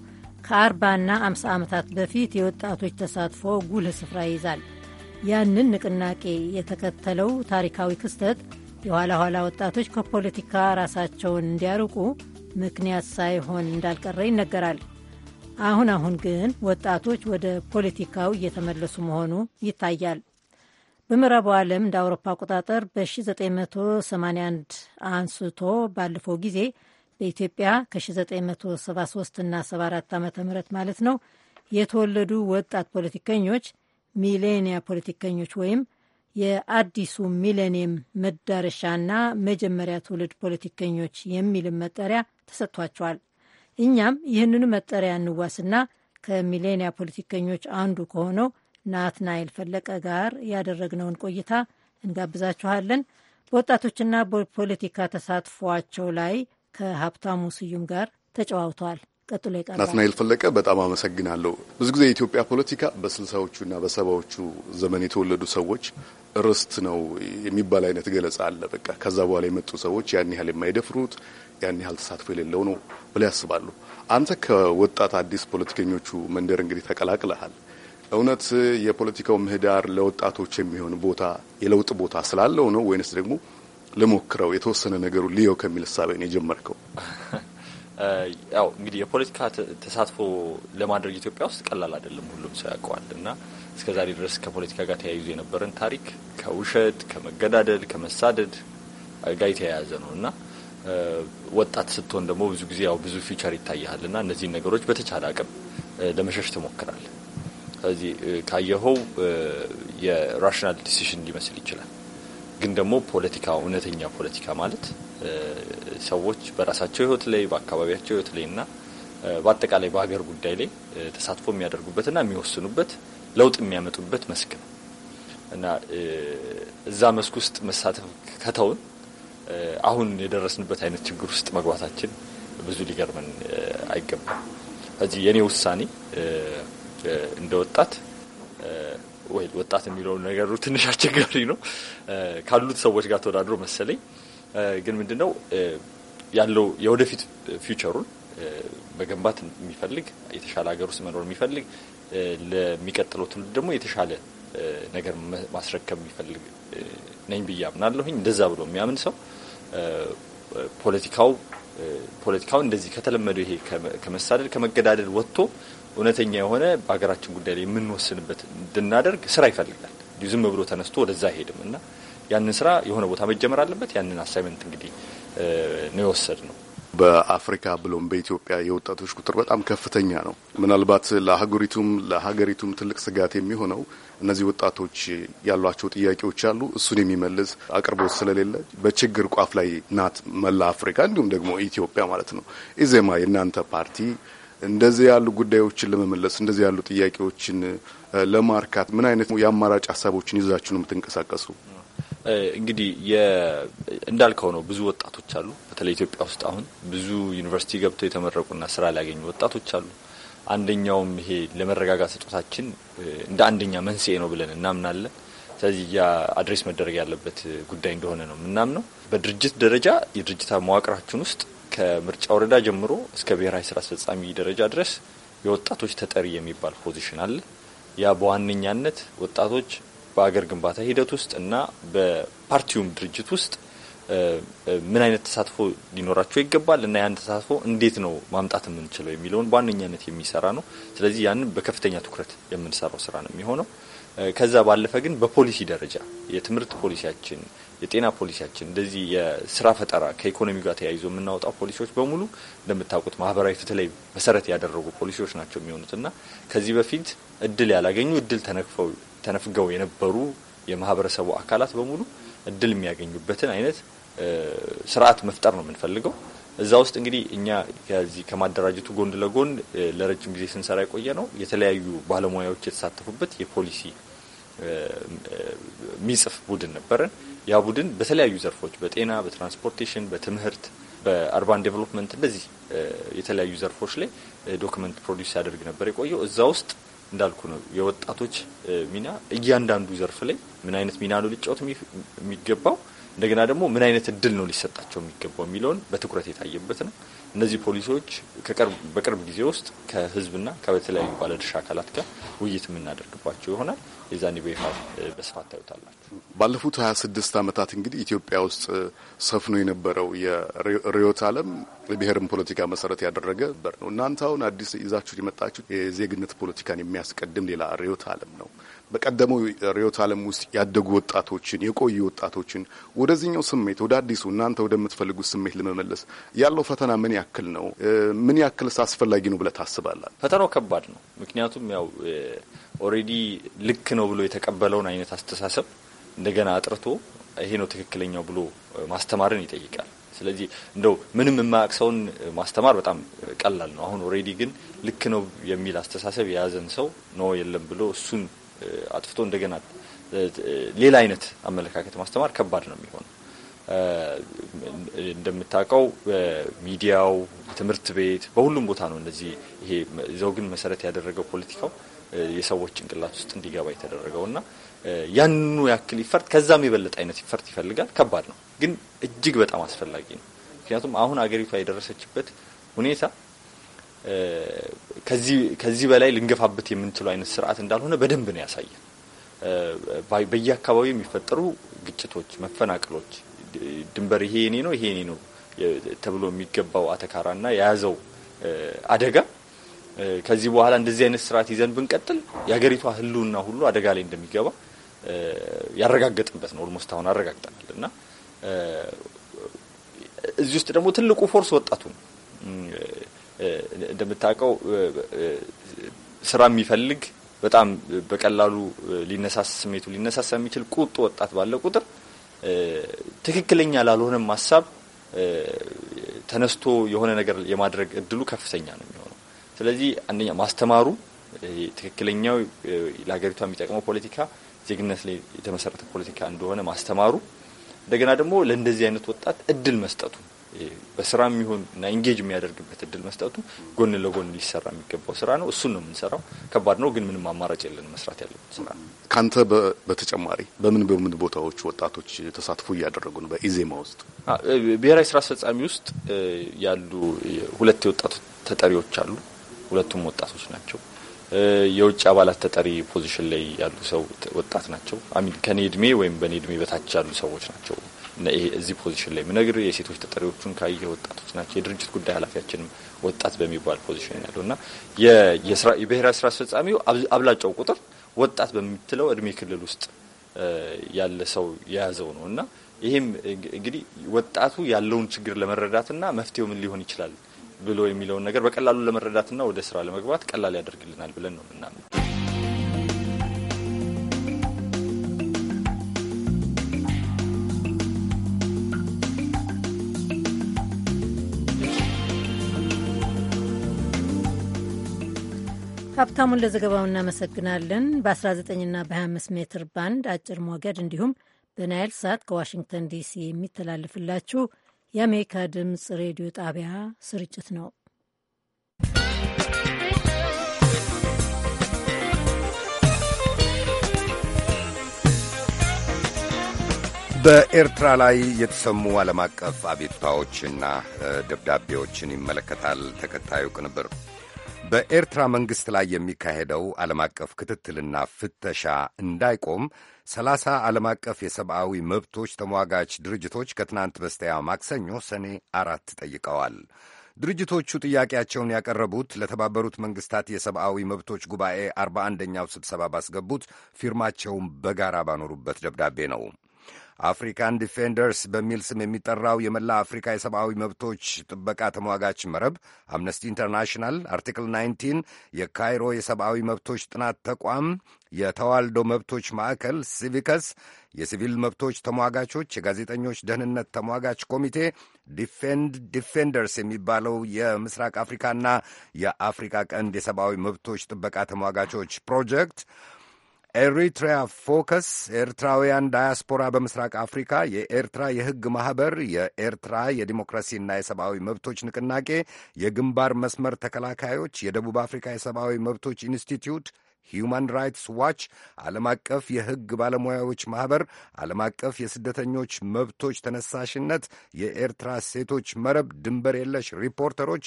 ከአርባና አምሳ ዓመታት በፊት የወጣቶች ተሳትፎ ጉልህ ስፍራ ይይዛል። ያንን ንቅናቄ የተከተለው ታሪካዊ ክስተት የኋላ ኋላ ወጣቶች ከፖለቲካ ራሳቸውን እንዲያርቁ ምክንያት ሳይሆን እንዳልቀረ ይነገራል። አሁን አሁን ግን ወጣቶች ወደ ፖለቲካው እየተመለሱ መሆኑ ይታያል። በምዕራቡ ዓለም እንደ አውሮፓ አቆጣጠር በ1981 አንስቶ ባለፈው ጊዜ በኢትዮጵያ ከ1973 እና 74 ዓ ም ማለት ነው የተወለዱ ወጣት ፖለቲከኞች ሚሌኒያ ፖለቲከኞች ወይም የአዲሱ ሚሌኒየም መዳረሻና መጀመሪያ ትውልድ ፖለቲከኞች የሚልም መጠሪያ ተሰጥቷቸዋል። እኛም ይህንኑ መጠሪያ እንዋስና ከሚሌኒያ ፖለቲከኞች አንዱ ከሆነው ናትናኤል ፈለቀ ጋር ያደረግነውን ቆይታ እንጋብዛችኋለን። በወጣቶችና በፖለቲካ ተሳትፏቸው ላይ ከሀብታሙ ስዩም ጋር ተጨዋውተዋል። ቀጥሎ ይቀርባል። ናትናኤል ፈለቀ በጣም አመሰግናለሁ። ብዙ ጊዜ የኢትዮጵያ ፖለቲካ በስልሳዎቹና በሰባዎቹ ዘመን የተወለዱ ሰዎች ርስት ነው የሚባል አይነት ገለጻ አለ። በቃ ከዛ በኋላ የመጡ ሰዎች ያን ያህል የማይደፍሩት ያን ያህል ተሳትፎ የሌለው ነው ብለው ያስባሉ። አንተ ከወጣት አዲስ ፖለቲከኞቹ መንደር እንግዲህ ተቀላቅለሃል። እውነት የፖለቲካው ምህዳር ለወጣቶች የሚሆን ቦታ የለውጥ ቦታ ስላለው ነው ወይንስ ደግሞ ልሞክረው የተወሰነ ነገሩ ልየው ከሚል እሳቤ ነው የጀመርከው? ያው እንግዲህ የፖለቲካ ተሳትፎ ለማድረግ ኢትዮጵያ ውስጥ ቀላል አይደለም፣ ሁሉም ሰው ያውቀዋል። እና ዛሬ ድረስ ከፖለቲካ ጋር ተያይዞ የነበረን ታሪክ ከውሸት፣ ከመገዳደል፣ ከመሳደድ ጋር የተያያዘ ነው እና ወጣት ስትሆን ደግሞ ብዙ ጊዜ ያው ብዙ ፊቸር ይታያሃል እና እነዚህን ነገሮች በተቻለ አቅም ለመሸሽ ትሞክራል። ስለዚህ ካየኸው የራሽናል ዲሲሽን ሊመስል ይችላል፣ ግን ደግሞ ፖለቲካ እውነተኛ ፖለቲካ ማለት ሰዎች በራሳቸው ህይወት ላይ በአካባቢያቸው ህይወት ላይ እና በአጠቃላይ በሀገር ጉዳይ ላይ ተሳትፎ የሚያደርጉበትና የሚወስኑበት ለውጥ የሚያመጡበት መስክ ነው እና እዛ መስክ ውስጥ መሳተፍ ከተውን አሁን የደረስንበት አይነት ችግር ውስጥ መግባታችን ብዙ ሊገርመን አይገባም። ከዚህ የኔ ውሳኔ እንደ ወጣት ወይ ወጣት የሚለው ነገሩ ትንሽ አስቸጋሪ ነው ካሉት ሰዎች ጋር ተወዳድሮ መሰለኝ ግን ምንድነው ያለው የወደፊት ፊውቸሩን መገንባት የሚፈልግ የተሻለ ሀገር ውስጥ መኖር የሚፈልግ ለሚቀጥለው ትውልድ ደግሞ የተሻለ ነገር ማስረከብ የሚፈልግ ነኝ ብዬ አምናለሁኝ። እንደዛ ብሎ የሚያምን ሰው ፖለቲካው ፖለቲካው እንደዚህ ከተለመደው ይሄ ከመሳደድ ከመገዳደል ወጥቶ እውነተኛ የሆነ በሀገራችን ጉዳይ ላይ የምንወስንበት እንድናደርግ ስራ ይፈልጋል። ዝም ብሎ ተነስቶ ወደዛ አይሄድም እና ያንን ስራ የሆነ ቦታ መጀመር አለበት። ያንን አሳይመንት እንግዲህ ነው የወሰድ ነው። በአፍሪካ ብሎም በኢትዮጵያ የወጣቶች ቁጥር በጣም ከፍተኛ ነው። ምናልባት ለሀገሪቱም ለሀገሪቱም ትልቅ ስጋት የሚሆነው እነዚህ ወጣቶች ያሏቸው ጥያቄዎች አሉ። እሱን የሚመልስ አቅርቦት ስለሌለ በችግር ቋፍ ላይ ናት መላ አፍሪካ፣ እንዲሁም ደግሞ ኢትዮጵያ ማለት ነው። ኢዜማ የእናንተ ፓርቲ እንደዚህ ያሉ ጉዳዮችን ለመመለስ እንደዚህ ያሉ ጥያቄዎችን ለማርካት ምን አይነት የአማራጭ ሀሳቦችን ይዛችሁ ነው የምትንቀሳቀሱ? እንግዲህ እንዳልከው ነው። ብዙ ወጣቶች አሉ። በተለይ ኢትዮጵያ ውስጥ አሁን ብዙ ዩኒቨርሲቲ ገብተው የተመረቁና ስራ ሊያገኙ ወጣቶች አሉ። አንደኛውም ይሄ ለመረጋጋት ስጦታችን እንደ አንደኛ መንስኤ ነው ብለን እናምናለን። ስለዚህ ያ አድሬስ መደረግ ያለበት ጉዳይ እንደሆነ ነው የምናምነው። በድርጅት ደረጃ የድርጅታ መዋቅራችን ውስጥ ከምርጫ ወረዳ ጀምሮ እስከ ብሔራዊ ስራ አስፈጻሚ ደረጃ ድረስ የወጣቶች ተጠሪ የሚባል ፖዚሽን አለ። ያ በዋነኛነት ወጣቶች በአገር ግንባታ ሂደት ውስጥ እና በፓርቲውም ድርጅት ውስጥ ምን አይነት ተሳትፎ ሊኖራቸው ይገባል እና ያን ተሳትፎ እንዴት ነው ማምጣት የምንችለው የሚለውን በዋነኛነት የሚሰራ ነው። ስለዚህ ያንን በከፍተኛ ትኩረት የምንሰራው ስራ ነው የሚሆነው። ከዛ ባለፈ ግን በፖሊሲ ደረጃ የትምህርት ፖሊሲያችን፣ የጤና ፖሊሲያችን፣ እንደዚህ የስራ ፈጠራ ከኢኮኖሚ ጋር ተያይዞ የምናወጣው ፖሊሲዎች በሙሉ እንደምታውቁት ማህበራዊ ፍትህ ላይ መሰረት ያደረጉ ፖሊሲዎች ናቸው የሚሆኑት እና ከዚህ በፊት እድል ያላገኙ እድል ተነክፈው ተነፍገው የነበሩ የማህበረሰቡ አካላት በሙሉ እድል የሚያገኙበትን አይነት ስርዓት መፍጠር ነው የምንፈልገው። እዛ ውስጥ እንግዲህ እኛ ከዚህ ከማደራጀቱ ጎን ለጎን ለረጅም ጊዜ ስንሰራ የቆየ ነው የተለያዩ ባለሙያዎች የተሳተፉበት የፖሊሲ ሚጽፍ ቡድን ነበረን። ያ ቡድን በተለያዩ ዘርፎች በጤና፣ በትራንስፖርቴሽን፣ በትምህርት፣ በአርባን ዴቨሎፕመንት እንደዚህ የተለያዩ ዘርፎች ላይ ዶክመንት ፕሮዲስ ያደርግ ነበር የቆየው። እዛ ውስጥ እንዳልኩ ነው የወጣቶች ሚና እያንዳንዱ ዘርፍ ላይ ምን አይነት ሚና ነው ሊጫወት የሚገባው፣ እንደገና ደግሞ ምን አይነት እድል ነው ሊሰጣቸው የሚገባው የሚለውን በትኩረት የታየበት ነው። እነዚህ ፖሊሲዎች በቅርብ ጊዜ ውስጥ ከህዝብና ከተለያዩ ባለድርሻ አካላት ጋር ውይይት የምናደርግባቸው ይሆናል። የዛኔ በይፋ በስፋት ታዩታላችሁ። ባለፉት ሀያ ስድስት ዓመታት እንግዲህ ኢትዮጵያ ውስጥ ሰፍኖ የነበረው የርዕዮተ ዓለም ብሔርን ፖለቲካ መሰረት ያደረገ በር ነው። እናንተ አሁን አዲስ ይዛችሁ የመጣችሁ የዜግነት ፖለቲካን የሚያስቀድም ሌላ ርዕዮተ ዓለም ነው። በቀደመው ርዕዮተ ዓለም ውስጥ ያደጉ ወጣቶችን የቆዩ ወጣቶችን ወደዚህኛው ስሜት ወደ አዲሱ እናንተ ወደምትፈልጉት ስሜት ለመመለስ ያለው ፈተና ምን ያክል ነው? ምን ያክልስ አስፈላጊ ነው ብለህ ታስባለህ? ፈተናው ከባድ ነው። ምክንያቱም ያው ኦሬዲ ልክ ነው ብሎ የተቀበለውን አይነት አስተሳሰብ እንደገና አጥርቶ ይሄ ነው ትክክለኛው ብሎ ማስተማርን ይጠይቃል። ስለዚህ እንደው ምንም የማያውቅ ሰውን ማስተማር በጣም ቀላል ነው። አሁን ኦሬዲ ግን ልክ ነው የሚል አስተሳሰብ የያዘን ሰው ነው የለም ብሎ እሱን አጥፍቶ እንደገና ሌላ አይነት አመለካከት ማስተማር ከባድ ነው የሚሆነው። እንደምታውቀው በሚዲያው፣ ትምህርት ቤት፣ በሁሉም ቦታ ነው እነዚህ ይሄ ዘውግን መሰረት ያደረገው ፖለቲካው የሰዎች ጭንቅላት ውስጥ እንዲገባ የተደረገው እና ያንኑ ያክል ይፈርት ከዛም የበለጠ አይነት ይፈርት ይፈልጋል። ከባድ ነው፣ ግን እጅግ በጣም አስፈላጊ ነው። ምክንያቱም አሁን አገሪቷ የደረሰችበት ሁኔታ ከዚህ በላይ ልንገፋበት የምንችለው አይነት ስርዓት እንዳልሆነ በደንብ ነው ያሳየን። በየአካባቢው የሚፈጠሩ ግጭቶች፣ መፈናቀሎች ድንበር ይሄ የኔ ነው ይሄ የኔ ነው ተብሎ የሚገባው አተካራና የያዘው አደጋ ከዚህ በኋላ እንደዚህ አይነት ስርዓት ይዘን ብንቀጥል የሀገሪቷ ህልውና ሁሉ አደጋ ላይ እንደሚገባ ያረጋገጥንበት ነው። ኦልሞስት አሁን አረጋግጠናል እና እዚህ ውስጥ ደግሞ ትልቁ ፎርስ ወጣቱ ነው። እንደምታውቀው ስራ የሚፈልግ በጣም በቀላሉ ሊነሳስ ስሜቱ ሊነሳሳ የሚችል ቁጡ ወጣት ባለ ቁጥር ትክክለኛ ላልሆነም ሀሳብ ተነስቶ የሆነ ነገር የማድረግ እድሉ ከፍተኛ ነው። ስለዚህ አንደኛ ማስተማሩ ትክክለኛው ለሀገሪቷ የሚጠቅመው ፖለቲካ ዜግነት ላይ የተመሰረተ ፖለቲካ እንደሆነ ማስተማሩ፣ እንደገና ደግሞ ለእንደዚህ አይነት ወጣት እድል መስጠቱ በስራ የሚሆን እና ኢንጌጅ የሚያደርግበት እድል መስጠቱ ጎን ለጎን ሊሰራ የሚገባው ስራ ነው። እሱን ነው የምንሰራው። ከባድ ነው፣ ግን ምንም አማራጭ የለን። መስራት ያለበት ስራ ነው። ከአንተ በተጨማሪ በምን በምን ቦታዎች ወጣቶች ተሳትፎ እያደረጉ ነው? በኢዜማ ውስጥ ብሔራዊ ስራ አስፈጻሚ ውስጥ ያሉ ሁለት የወጣቶች ተጠሪዎች አሉ። ሁለቱም ወጣቶች ናቸው። የውጭ አባላት ተጠሪ ፖዚሽን ላይ ያሉ ሰው ወጣት ናቸው። አሚን ከኔ እድሜ ወይም በኔ እድሜ በታች ያሉ ሰዎች ናቸው። ይሄ እዚህ ፖዚሽን ላይ ምነግር የሴቶች ተጠሪዎቹን ካየ ወጣቶች ናቸው። የድርጅት ጉዳይ ኃላፊያችንም ወጣት በሚባል ፖዚሽን ያለው እና የብሔራዊ ስራ አስፈጻሚው አብላጫው ቁጥር ወጣት በምትለው እድሜ ክልል ውስጥ ያለ ሰው የያዘው ነው እና ይህም እንግዲህ ወጣቱ ያለውን ችግር ለመረዳትና መፍትሄው ምን ሊሆን ይችላል ብሎ የሚለውን ነገር በቀላሉ ለመረዳትና ወደ ስራ ለመግባት ቀላል ያደርግልናል ብለን ነው ምናምን ሀብታሙን ለዘገባው እናመሰግናለን። በ19ና በ25 ሜትር ባንድ አጭር ሞገድ እንዲሁም በናይል ሳት ከዋሽንግተን ዲሲ የሚተላልፍላችሁ የአሜሪካ ድምፅ ሬዲዮ ጣቢያ ስርጭት ነው። በኤርትራ ላይ የተሰሙ ዓለም አቀፍ አቤቱታዎችና ደብዳቤዎችን ይመለከታል ተከታዩ ቅንብር። በኤርትራ መንግሥት ላይ የሚካሄደው ዓለም አቀፍ ክትትልና ፍተሻ እንዳይቆም ሰላሳ ዓለም አቀፍ የሰብአዊ መብቶች ተሟጋች ድርጅቶች ከትናንት በስቲያ ማክሰኞ ሰኔ አራት ጠይቀዋል። ድርጅቶቹ ጥያቄያቸውን ያቀረቡት ለተባበሩት መንግሥታት የሰብአዊ መብቶች ጉባኤ አርባ አንደኛው ስብሰባ ባስገቡት ፊርማቸውን በጋራ ባኖሩበት ደብዳቤ ነው። አፍሪካን ዲፌንደርስ በሚል ስም የሚጠራው የመላ አፍሪካ የሰብአዊ መብቶች ጥበቃ ተሟጋች መረብ፣ አምነስቲ ኢንተርናሽናል፣ አርቲክል 19፣ የካይሮ የሰብአዊ መብቶች ጥናት ተቋም፣ የተዋልዶ መብቶች ማዕከል ሲቪከስ፣ የሲቪል መብቶች ተሟጋቾች፣ የጋዜጠኞች ደህንነት ተሟጋች ኮሚቴ፣ ዲፌንድ ዲፌንደርስ የሚባለው የምስራቅ አፍሪካና የአፍሪካ ቀንድ የሰብአዊ መብቶች ጥበቃ ተሟጋቾች ፕሮጀክት ኤሪትሪያ ፎከስ ኤርትራውያን ዳያስፖራ በምስራቅ አፍሪካ፣ የኤርትራ የሕግ ማኅበር፣ የኤርትራ የዲሞክራሲና የሰብአዊ መብቶች ንቅናቄ፣ የግንባር መስመር ተከላካዮች፣ የደቡብ አፍሪካ የሰብአዊ መብቶች ኢንስቲትዩት ሂዩማን ራይትስ ዋች፣ ዓለም አቀፍ የሕግ ባለሙያዎች ማኅበር፣ ዓለም አቀፍ የስደተኞች መብቶች ተነሳሽነት፣ የኤርትራ ሴቶች መረብ፣ ድንበር የለሽ ሪፖርተሮች፣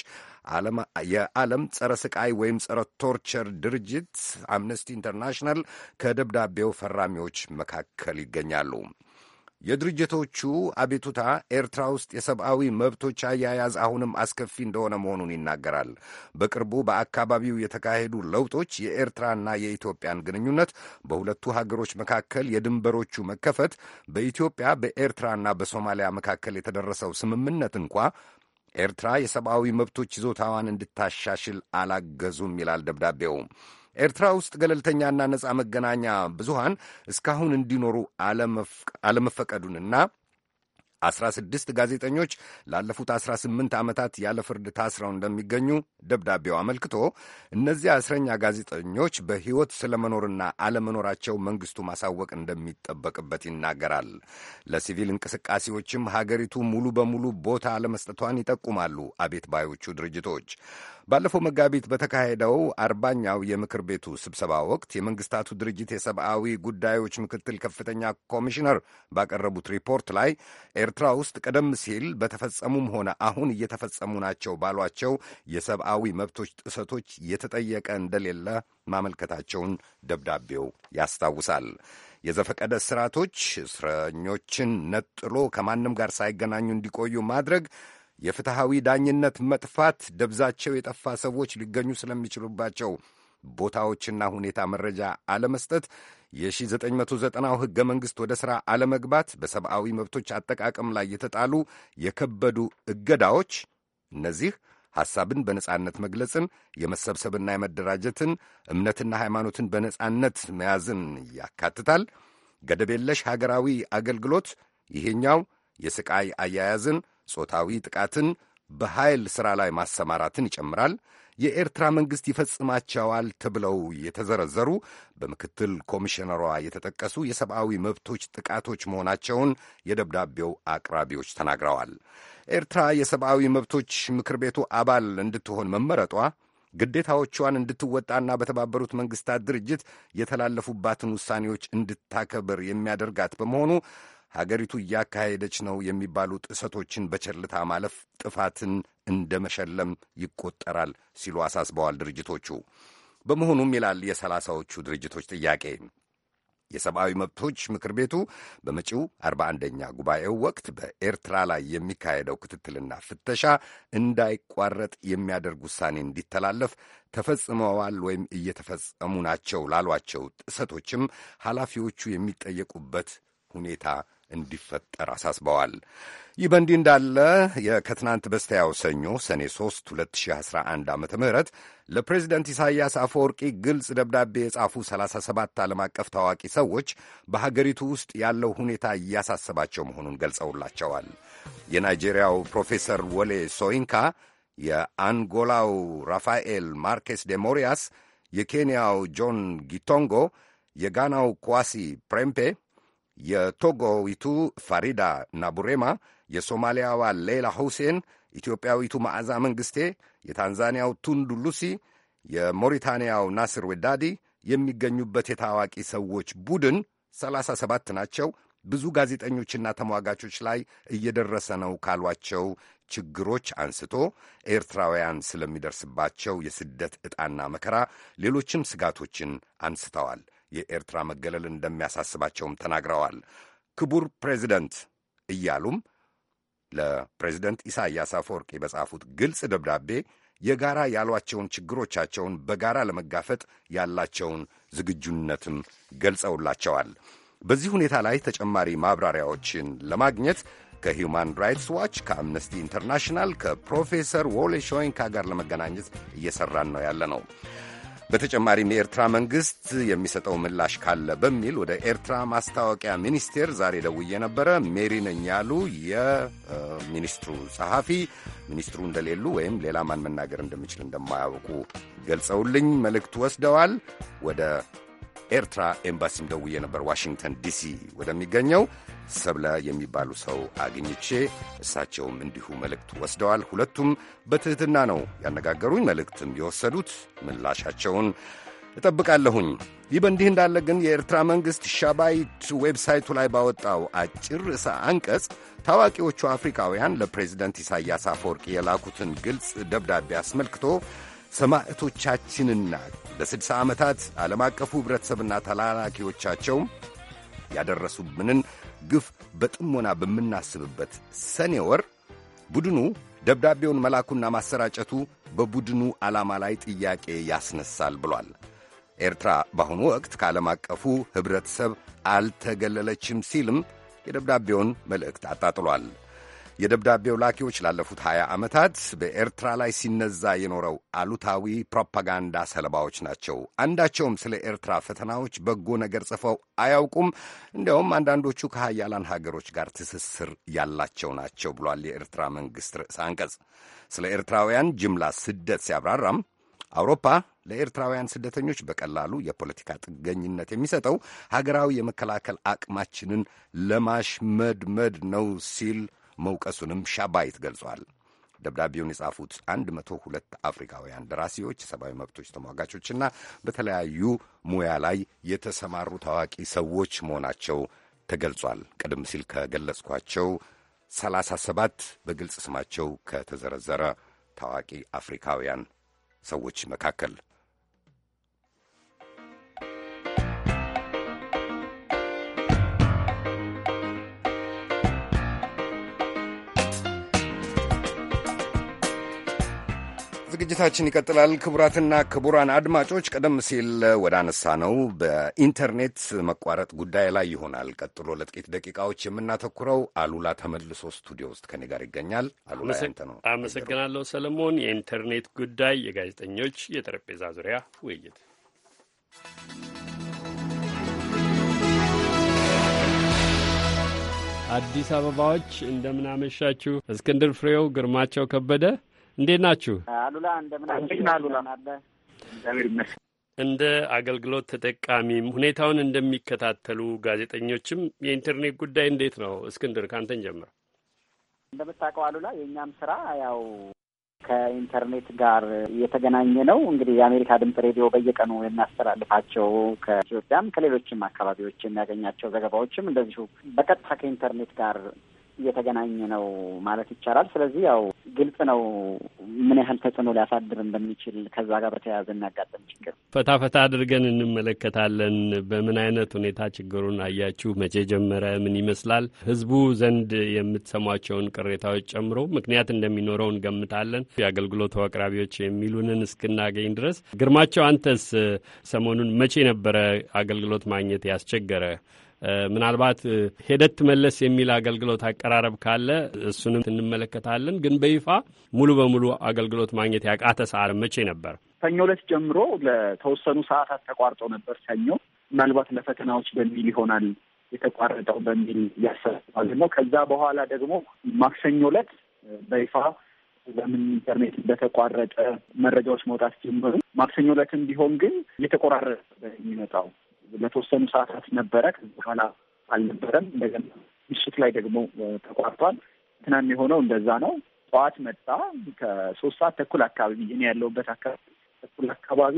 የዓለም ጸረ ስቃይ ወይም ጸረ ቶርቸር ድርጅት አምነስቲ ኢንተርናሽናል ከደብዳቤው ፈራሚዎች መካከል ይገኛሉ። የድርጅቶቹ አቤቱታ ኤርትራ ውስጥ የሰብአዊ መብቶች አያያዝ አሁንም አስከፊ እንደሆነ መሆኑን ይናገራል። በቅርቡ በአካባቢው የተካሄዱ ለውጦች የኤርትራና የኢትዮጵያን ግንኙነት፣ በሁለቱ ሀገሮች መካከል የድንበሮቹ መከፈት፣ በኢትዮጵያ በኤርትራና በሶማሊያ መካከል የተደረሰው ስምምነት እንኳ ኤርትራ የሰብአዊ መብቶች ይዞታዋን እንድታሻሽል አላገዙም ይላል ደብዳቤው። ኤርትራ ውስጥ ገለልተኛና ነጻ መገናኛ ብዙሃን እስካሁን እንዲኖሩ አለመፈቀዱንና አስራ ስድስት ጋዜጠኞች ላለፉት አስራ ስምንት ዓመታት ያለ ፍርድ ታስረው እንደሚገኙ ደብዳቤው አመልክቶ እነዚያ እስረኛ ጋዜጠኞች በሕይወት ስለመኖርና አለመኖራቸው መንግሥቱ ማሳወቅ እንደሚጠበቅበት ይናገራል። ለሲቪል እንቅስቃሴዎችም ሀገሪቱ ሙሉ በሙሉ ቦታ አለመስጠቷን ይጠቁማሉ አቤት ባዮቹ ድርጅቶች። ባለፈው መጋቢት በተካሄደው አርባኛው የምክር ቤቱ ስብሰባ ወቅት የመንግስታቱ ድርጅት የሰብአዊ ጉዳዮች ምክትል ከፍተኛ ኮሚሽነር ባቀረቡት ሪፖርት ላይ ኤርትራ ውስጥ ቀደም ሲል በተፈጸሙም ሆነ አሁን እየተፈጸሙ ናቸው ባሏቸው የሰብአዊ መብቶች ጥሰቶች የተጠየቀ እንደሌለ ማመልከታቸውን ደብዳቤው ያስታውሳል። የዘፈቀደ ስርዓቶች እስረኞችን ነጥሎ ከማንም ጋር ሳይገናኙ እንዲቆዩ ማድረግ የፍትሐዊ ዳኝነት መጥፋት ደብዛቸው የጠፋ ሰዎች ሊገኙ ስለሚችሉባቸው ቦታዎችና ሁኔታ መረጃ አለመስጠት፣ የ1990ው ሕገ መንግሥት ወደ ሥራ አለመግባት፣ በሰብአዊ መብቶች አጠቃቀም ላይ የተጣሉ የከበዱ እገዳዎች፣ እነዚህ ሐሳብን በነጻነት መግለጽን፣ የመሰብሰብና የመደራጀትን፣ እምነትና ሃይማኖትን በነጻነት መያዝን ያካትታል። ገደብ የለሽ ሀገራዊ አገልግሎት፣ ይሄኛው የሥቃይ አያያዝን ጾታዊ ጥቃትን በኃይል ሥራ ላይ ማሰማራትን ይጨምራል። የኤርትራ መንግሥት ይፈጽማቸዋል ተብለው የተዘረዘሩ በምክትል ኮሚሽነሯ የተጠቀሱ የሰብአዊ መብቶች ጥቃቶች መሆናቸውን የደብዳቤው አቅራቢዎች ተናግረዋል። ኤርትራ የሰብአዊ መብቶች ምክር ቤቱ አባል እንድትሆን መመረጧ ግዴታዎቿን እንድትወጣና በተባበሩት መንግሥታት ድርጅት የተላለፉባትን ውሳኔዎች እንድታከብር የሚያደርጋት በመሆኑ ሀገሪቱ እያካሄደች ነው የሚባሉ ጥሰቶችን በቸልታ ማለፍ ጥፋትን እንደ መሸለም ይቆጠራል ሲሉ አሳስበዋል ድርጅቶቹ። በመሆኑም ይላል የሰላሳዎቹ ድርጅቶች ጥያቄ የሰብአዊ መብቶች ምክር ቤቱ በመጪው 41ኛ ጉባኤው ወቅት በኤርትራ ላይ የሚካሄደው ክትትልና ፍተሻ እንዳይቋረጥ የሚያደርግ ውሳኔ እንዲተላለፍ ተፈጽመዋል ወይም እየተፈጸሙ ናቸው ላሏቸው ጥሰቶችም ኃላፊዎቹ የሚጠየቁበት ሁኔታ እንዲፈጠር አሳስበዋል። ይህ በእንዲህ እንዳለ የከትናንት በስቲያው ሰኞ ሰኔ 3 2011 ዓ ም ለፕሬዚደንት ኢሳይያስ አፈወርቂ ግልጽ ደብዳቤ የጻፉ 37 ዓለም አቀፍ ታዋቂ ሰዎች በሀገሪቱ ውስጥ ያለው ሁኔታ እያሳሰባቸው መሆኑን ገልጸውላቸዋል። የናይጄሪያው ፕሮፌሰር ወሌ ሶይንካ፣ የአንጎላው ራፋኤል ማርኬስ ዴ ሞሪያስ፣ የኬንያው ጆን ጊቶንጎ፣ የጋናው ኳሲ ፕሬምፔ የቶጎዊቱ ፋሪዳ ናቡሬማ፣ የሶማሊያዋ ሌላ ሁሴን፣ ኢትዮጵያዊቱ መዓዛ መንግሥቴ፣ የታንዛኒያው ቱንዱ ሉሲ፣ የሞሪታንያው ናስር ወዳዲ የሚገኙበት የታዋቂ ሰዎች ቡድን 37 ናቸው። ብዙ ጋዜጠኞችና ተሟጋቾች ላይ እየደረሰ ነው ካሏቸው ችግሮች አንስቶ ኤርትራውያን ስለሚደርስባቸው የስደት ዕጣና መከራ ሌሎችም ስጋቶችን አንስተዋል። የኤርትራ መገለል እንደሚያሳስባቸውም ተናግረዋል። ክቡር ፕሬዚደንት እያሉም ለፕሬዚደንት ኢሳያስ አፈወርቂ በጻፉት ግልጽ ደብዳቤ የጋራ ያሏቸውን ችግሮቻቸውን በጋራ ለመጋፈጥ ያላቸውን ዝግጁነትም ገልጸውላቸዋል። በዚህ ሁኔታ ላይ ተጨማሪ ማብራሪያዎችን ለማግኘት ከሂውማን ራይትስ ዋች፣ ከአምነስቲ ኢንተርናሽናል፣ ከፕሮፌሰር ዎሌ ሾይንካ ጋር ለመገናኘት እየሠራን ነው ያለ ነው። በተጨማሪም የኤርትራ መንግስት የሚሰጠው ምላሽ ካለ በሚል ወደ ኤርትራ ማስታወቂያ ሚኒስቴር ዛሬ ደውዬ ነበረ። ሜሪ ነኝ ያሉ የሚኒስትሩ ጸሐፊ ሚኒስትሩ እንደሌሉ ወይም ሌላ ማን መናገር እንደሚችል እንደማያውቁ ገልጸውልኝ መልእክት ወስደዋል። ወደ ኤርትራ ኤምባሲም ደውዬ ነበር ዋሽንግተን ዲሲ ወደሚገኘው ሰብለ የሚባሉ ሰው አግኝቼ እሳቸውም እንዲሁ መልእክት ወስደዋል። ሁለቱም በትህትና ነው ያነጋገሩኝ፣ መልእክትም የወሰዱት ምላሻቸውን እጠብቃለሁኝ። ይህ በእንዲህ እንዳለ ግን የኤርትራ መንግሥት ሻባይት ዌብሳይቱ ላይ ባወጣው አጭር ርዕሰ አንቀጽ ታዋቂዎቹ አፍሪካውያን ለፕሬዚደንት ኢሳያስ አፈወርቅ የላኩትን ግልጽ ደብዳቤ አስመልክቶ ሰማዕቶቻችንና ለ60 ዓመታት ዓለም አቀፉ ኅብረተሰብና ተላላኪዎቻቸው ያደረሱብንን ግፍ በጥሞና በምናስብበት ሰኔ ወር ቡድኑ ደብዳቤውን መላኩና ማሰራጨቱ በቡድኑ ዓላማ ላይ ጥያቄ ያስነሳል ብሏል። ኤርትራ በአሁኑ ወቅት ከዓለም አቀፉ ኅብረተሰብ አልተገለለችም ሲልም የደብዳቤውን መልእክት አጣጥሏል። የደብዳቤው ላኪዎች ላለፉት 20 ዓመታት በኤርትራ ላይ ሲነዛ የኖረው አሉታዊ ፕሮፓጋንዳ ሰለባዎች ናቸው። አንዳቸውም ስለ ኤርትራ ፈተናዎች በጎ ነገር ጽፈው አያውቁም። እንዲያውም አንዳንዶቹ ከሀያላን ሀገሮች ጋር ትስስር ያላቸው ናቸው ብሏል የኤርትራ መንግሥት ርዕሰ አንቀጽ። ስለ ኤርትራውያን ጅምላ ስደት ሲያብራራም አውሮፓ ለኤርትራውያን ስደተኞች በቀላሉ የፖለቲካ ጥገኝነት የሚሰጠው ሀገራዊ የመከላከል አቅማችንን ለማሽመድመድ ነው ሲል መውቀሱንም ሻባይት ገልጿል። ደብዳቤውን የጻፉት አንድ መቶ ሁለት አፍሪካውያን ደራሲዎች፣ ሰብአዊ መብቶች ተሟጋቾችና በተለያዩ ሙያ ላይ የተሰማሩ ታዋቂ ሰዎች መሆናቸው ተገልጿል። ቀደም ሲል ከገለጽኳቸው 37 በግልጽ ስማቸው ከተዘረዘረ ታዋቂ አፍሪካውያን ሰዎች መካከል ዝግጅታችን ይቀጥላል። ክቡራትና ክቡራን አድማጮች ቀደም ሲል ወደ አነሳ ነው በኢንተርኔት መቋረጥ ጉዳይ ላይ ይሆናል ቀጥሎ ለጥቂት ደቂቃዎች የምናተኩረው። አሉላ ተመልሶ ስቱዲዮ ውስጥ ከኔ ጋር ይገኛል። አሉላ ያንተ ነው። አመሰግናለሁ ሰለሞን። የኢንተርኔት ጉዳይ የጋዜጠኞች የጠረጴዛ ዙሪያ ውይይት አዲስ አበባዎች እንደምናመሻችሁ። እስክንድር ፍሬው፣ ግርማቸው ከበደ እንዴት ናችሁ? አሉላ እንደምን አሉላ እንደ አገልግሎት ተጠቃሚም ሁኔታውን እንደሚከታተሉ ጋዜጠኞችም የኢንተርኔት ጉዳይ እንዴት ነው? እስክንድር ካንተን ጀምር። እንደምታውቀው አሉላ የእኛም ስራ ያው ከኢንተርኔት ጋር እየተገናኘ ነው። እንግዲህ የአሜሪካ ድምጽ ሬዲዮ በየቀኑ የሚያስተላልፋቸው ከኢትዮጵያም ከሌሎችም አካባቢዎች የሚያገኛቸው ዘገባዎችም እንደዚሁ በቀጥታ ከኢንተርኔት ጋር እየተገናኘ ነው ማለት ይቻላል። ስለዚህ ያው ግልጽ ነው ምን ያህል ተጽዕኖ ሊያሳድር እንደሚችል ከዛ ጋር በተያያዘ እናጋጠም ችግር ፈታ ፈታ አድርገን እንመለከታለን። በምን አይነት ሁኔታ ችግሩን አያችሁ? መቼ ጀመረ? ምን ይመስላል? ህዝቡ ዘንድ የምትሰሟቸውን ቅሬታዎች ጨምሮ ምክንያት እንደሚኖረው እንገምታለን። የአገልግሎቱ አቅራቢዎች የሚሉንን እስክናገኝ ድረስ ግርማቸው፣ አንተስ ሰሞኑን መቼ ነበረ አገልግሎት ማግኘት ያስቸገረ? ምናልባት ሄደት መለስ የሚል አገልግሎት አቀራረብ ካለ እሱንም እንመለከታለን። ግን በይፋ ሙሉ በሙሉ አገልግሎት ማግኘት ያቃተ ሰዓት መቼ ነበር? ሰኞ ዕለት ጀምሮ ለተወሰኑ ሰዓታት ተቋርጦ ነበር። ሰኞ ምናልባት ለፈተናዎች በሚል ይሆናል የተቋረጠው በሚል ያሰባል ነው። ከዛ በኋላ ደግሞ ማክሰኞ ዕለት በይፋ በምን ኢንተርኔት እንደተቋረጠ መረጃዎች መውጣት ጀመሩ። ማክሰኞ ዕለትም ቢሆን ግን እየተቆራረጠ የሚመጣው ለተወሰኑ ሰዓታት ነበረ። ከዚህ በኋላ አልነበረም። እንደገና ምሽት ላይ ደግሞ ተቋርጧል። ትናንት የሆነው እንደዛ ነው። ጠዋት መጣ። ከሶስት ሰዓት ተኩል አካባቢ እኔ ያለሁበት አካባቢ ተኩል አካባቢ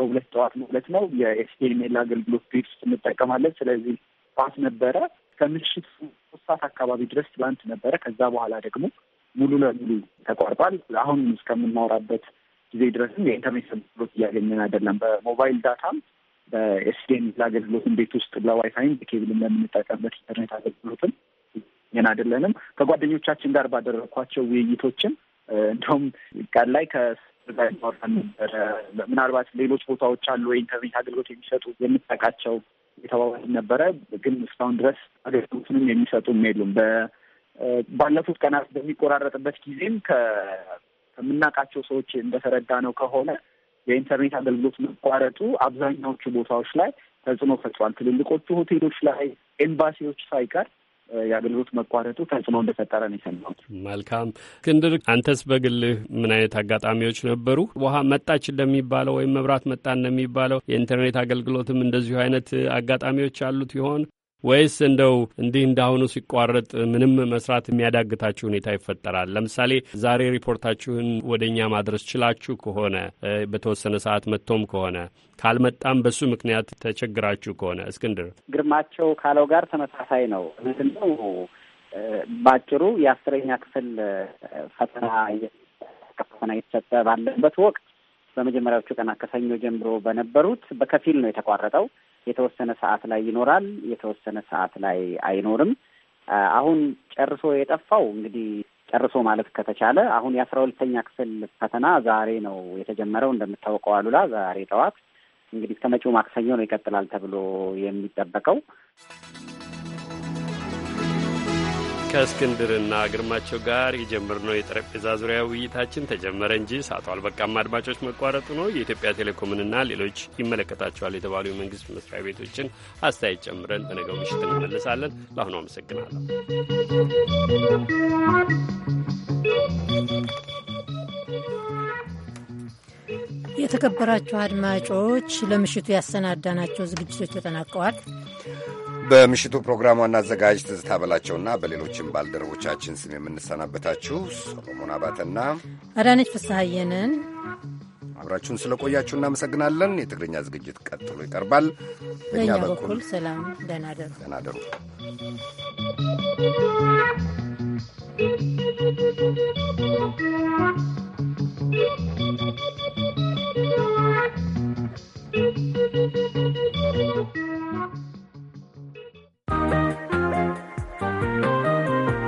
ሮብለት ጠዋት ማለት ነው የኤስቴሜል አገልግሎት ቤት ውስጥ እንጠቀማለን። ስለዚህ ጠዋት ነበረ ከምሽት ሶስት ሰዓት አካባቢ ድረስ ትላንት ነበረ። ከዛ በኋላ ደግሞ ሙሉ ለሙሉ ተቋርጧል። አሁን እስከምናወራበት ጊዜ ድረስም የኢንተርኔት አገልግሎት እያገኘን አይደለም። በሞባይል ዳታም በኤስዲኤንኤል አገልግሎትን ቤት ውስጥ ለዋይፋይም በኬብልም ለምንጠቀምበት ኢንተርኔት አገልግሎትም ይህን አይደለንም። ከጓደኞቻችን ጋር ባደረግኳቸው ውይይቶችም እንዲሁም ቀን ላይ ምናልባት ሌሎች ቦታዎች አሉ የኢንተርኔት አገልግሎት የሚሰጡ የምጠቃቸው የተባባል ነበረ። ግን እስካሁን ድረስ አገልግሎትንም የሚሰጡም የሉም። ባለፉት ቀናት በሚቆራረጥበት ጊዜም ከምናውቃቸው ሰዎች እንደተረዳ ነው ከሆነ የኢንተርኔት አገልግሎት መቋረጡ አብዛኛዎቹ ቦታዎች ላይ ተጽዕኖ ፈጥሯል። ትልልቆቹ ሆቴሎች ላይ፣ ኤምባሲዎች ሳይቀር የአገልግሎት መቋረጡ ተጽዕኖ እንደፈጠረ ነው የሰማሁት። መልካም እስክንድር፣ አንተስ በግልህ ምን አይነት አጋጣሚዎች ነበሩ? ውሃ መጣች እንደሚባለው ወይም መብራት መጣ እንደሚባለው የኢንተርኔት አገልግሎትም እንደዚሁ አይነት አጋጣሚዎች አሉት ይሆን? ወይስ እንደው እንዲህ እንዳሁኑ ሲቋረጥ ምንም መስራት የሚያዳግታችሁ ሁኔታ ይፈጠራል? ለምሳሌ ዛሬ ሪፖርታችሁን ወደ እኛ ማድረስ ችላችሁ ከሆነ በተወሰነ ሰዓት መጥቶም ከሆነ ካልመጣም በሱ ምክንያት ተቸግራችሁ ከሆነ እስክንድር ግርማቸው ካለው ጋር ተመሳሳይ ነው። ምንድን ነው በአጭሩ የአስረኛ ክፍል ፈተና ፈተና እየተሰጠ ባለበት ወቅት በመጀመሪያዎቹ ቀናት ከሰኞ ጀምሮ በነበሩት በከፊል ነው የተቋረጠው። የተወሰነ ሰዓት ላይ ይኖራል፣ የተወሰነ ሰዓት ላይ አይኖርም። አሁን ጨርሶ የጠፋው እንግዲህ ጨርሶ ማለት ከተቻለ አሁን የአስራ ሁለተኛ ክፍል ፈተና ዛሬ ነው የተጀመረው። እንደምታውቀው አሉላ ዛሬ ጠዋት እንግዲህ እስከ መጪው ማክሰኞ ነው ይቀጥላል ተብሎ የሚጠበቀው። ከእስክንድርና ግርማቸው ጋር የጀመርነው የጠረጴዛ ዙሪያ ውይይታችን ተጀመረ እንጂ ሰዓቱ አልበቃም። አድማጮች መቋረጡ ነው። የኢትዮጵያ ቴሌኮምንና ሌሎች ይመለከታቸዋል የተባሉ የመንግስት መስሪያ ቤቶችን አስተያየት ጨምረን በነገው ምሽት እንመለሳለን። ለአሁኑ አመሰግናለሁ። የተከበራችሁ አድማጮች ለምሽቱ ያሰናዳናቸው ዝግጅቶች ተጠናቀዋል። በምሽቱ ፕሮግራም ዋና አዘጋጅ ትዝታ በላቸውና በሌሎችም ባልደረቦቻችን ስም የምንሰናበታችሁ ሰሎሞን አባተና አዳነች ፍስሐየንን አብራችሁን ስለቆያችሁ እናመሰግናለን። የትግርኛ ዝግጅት ቀጥሎ ይቀርባል። በእኛ በኩል ሰላም፣ ደህና ደሩ። Thank you.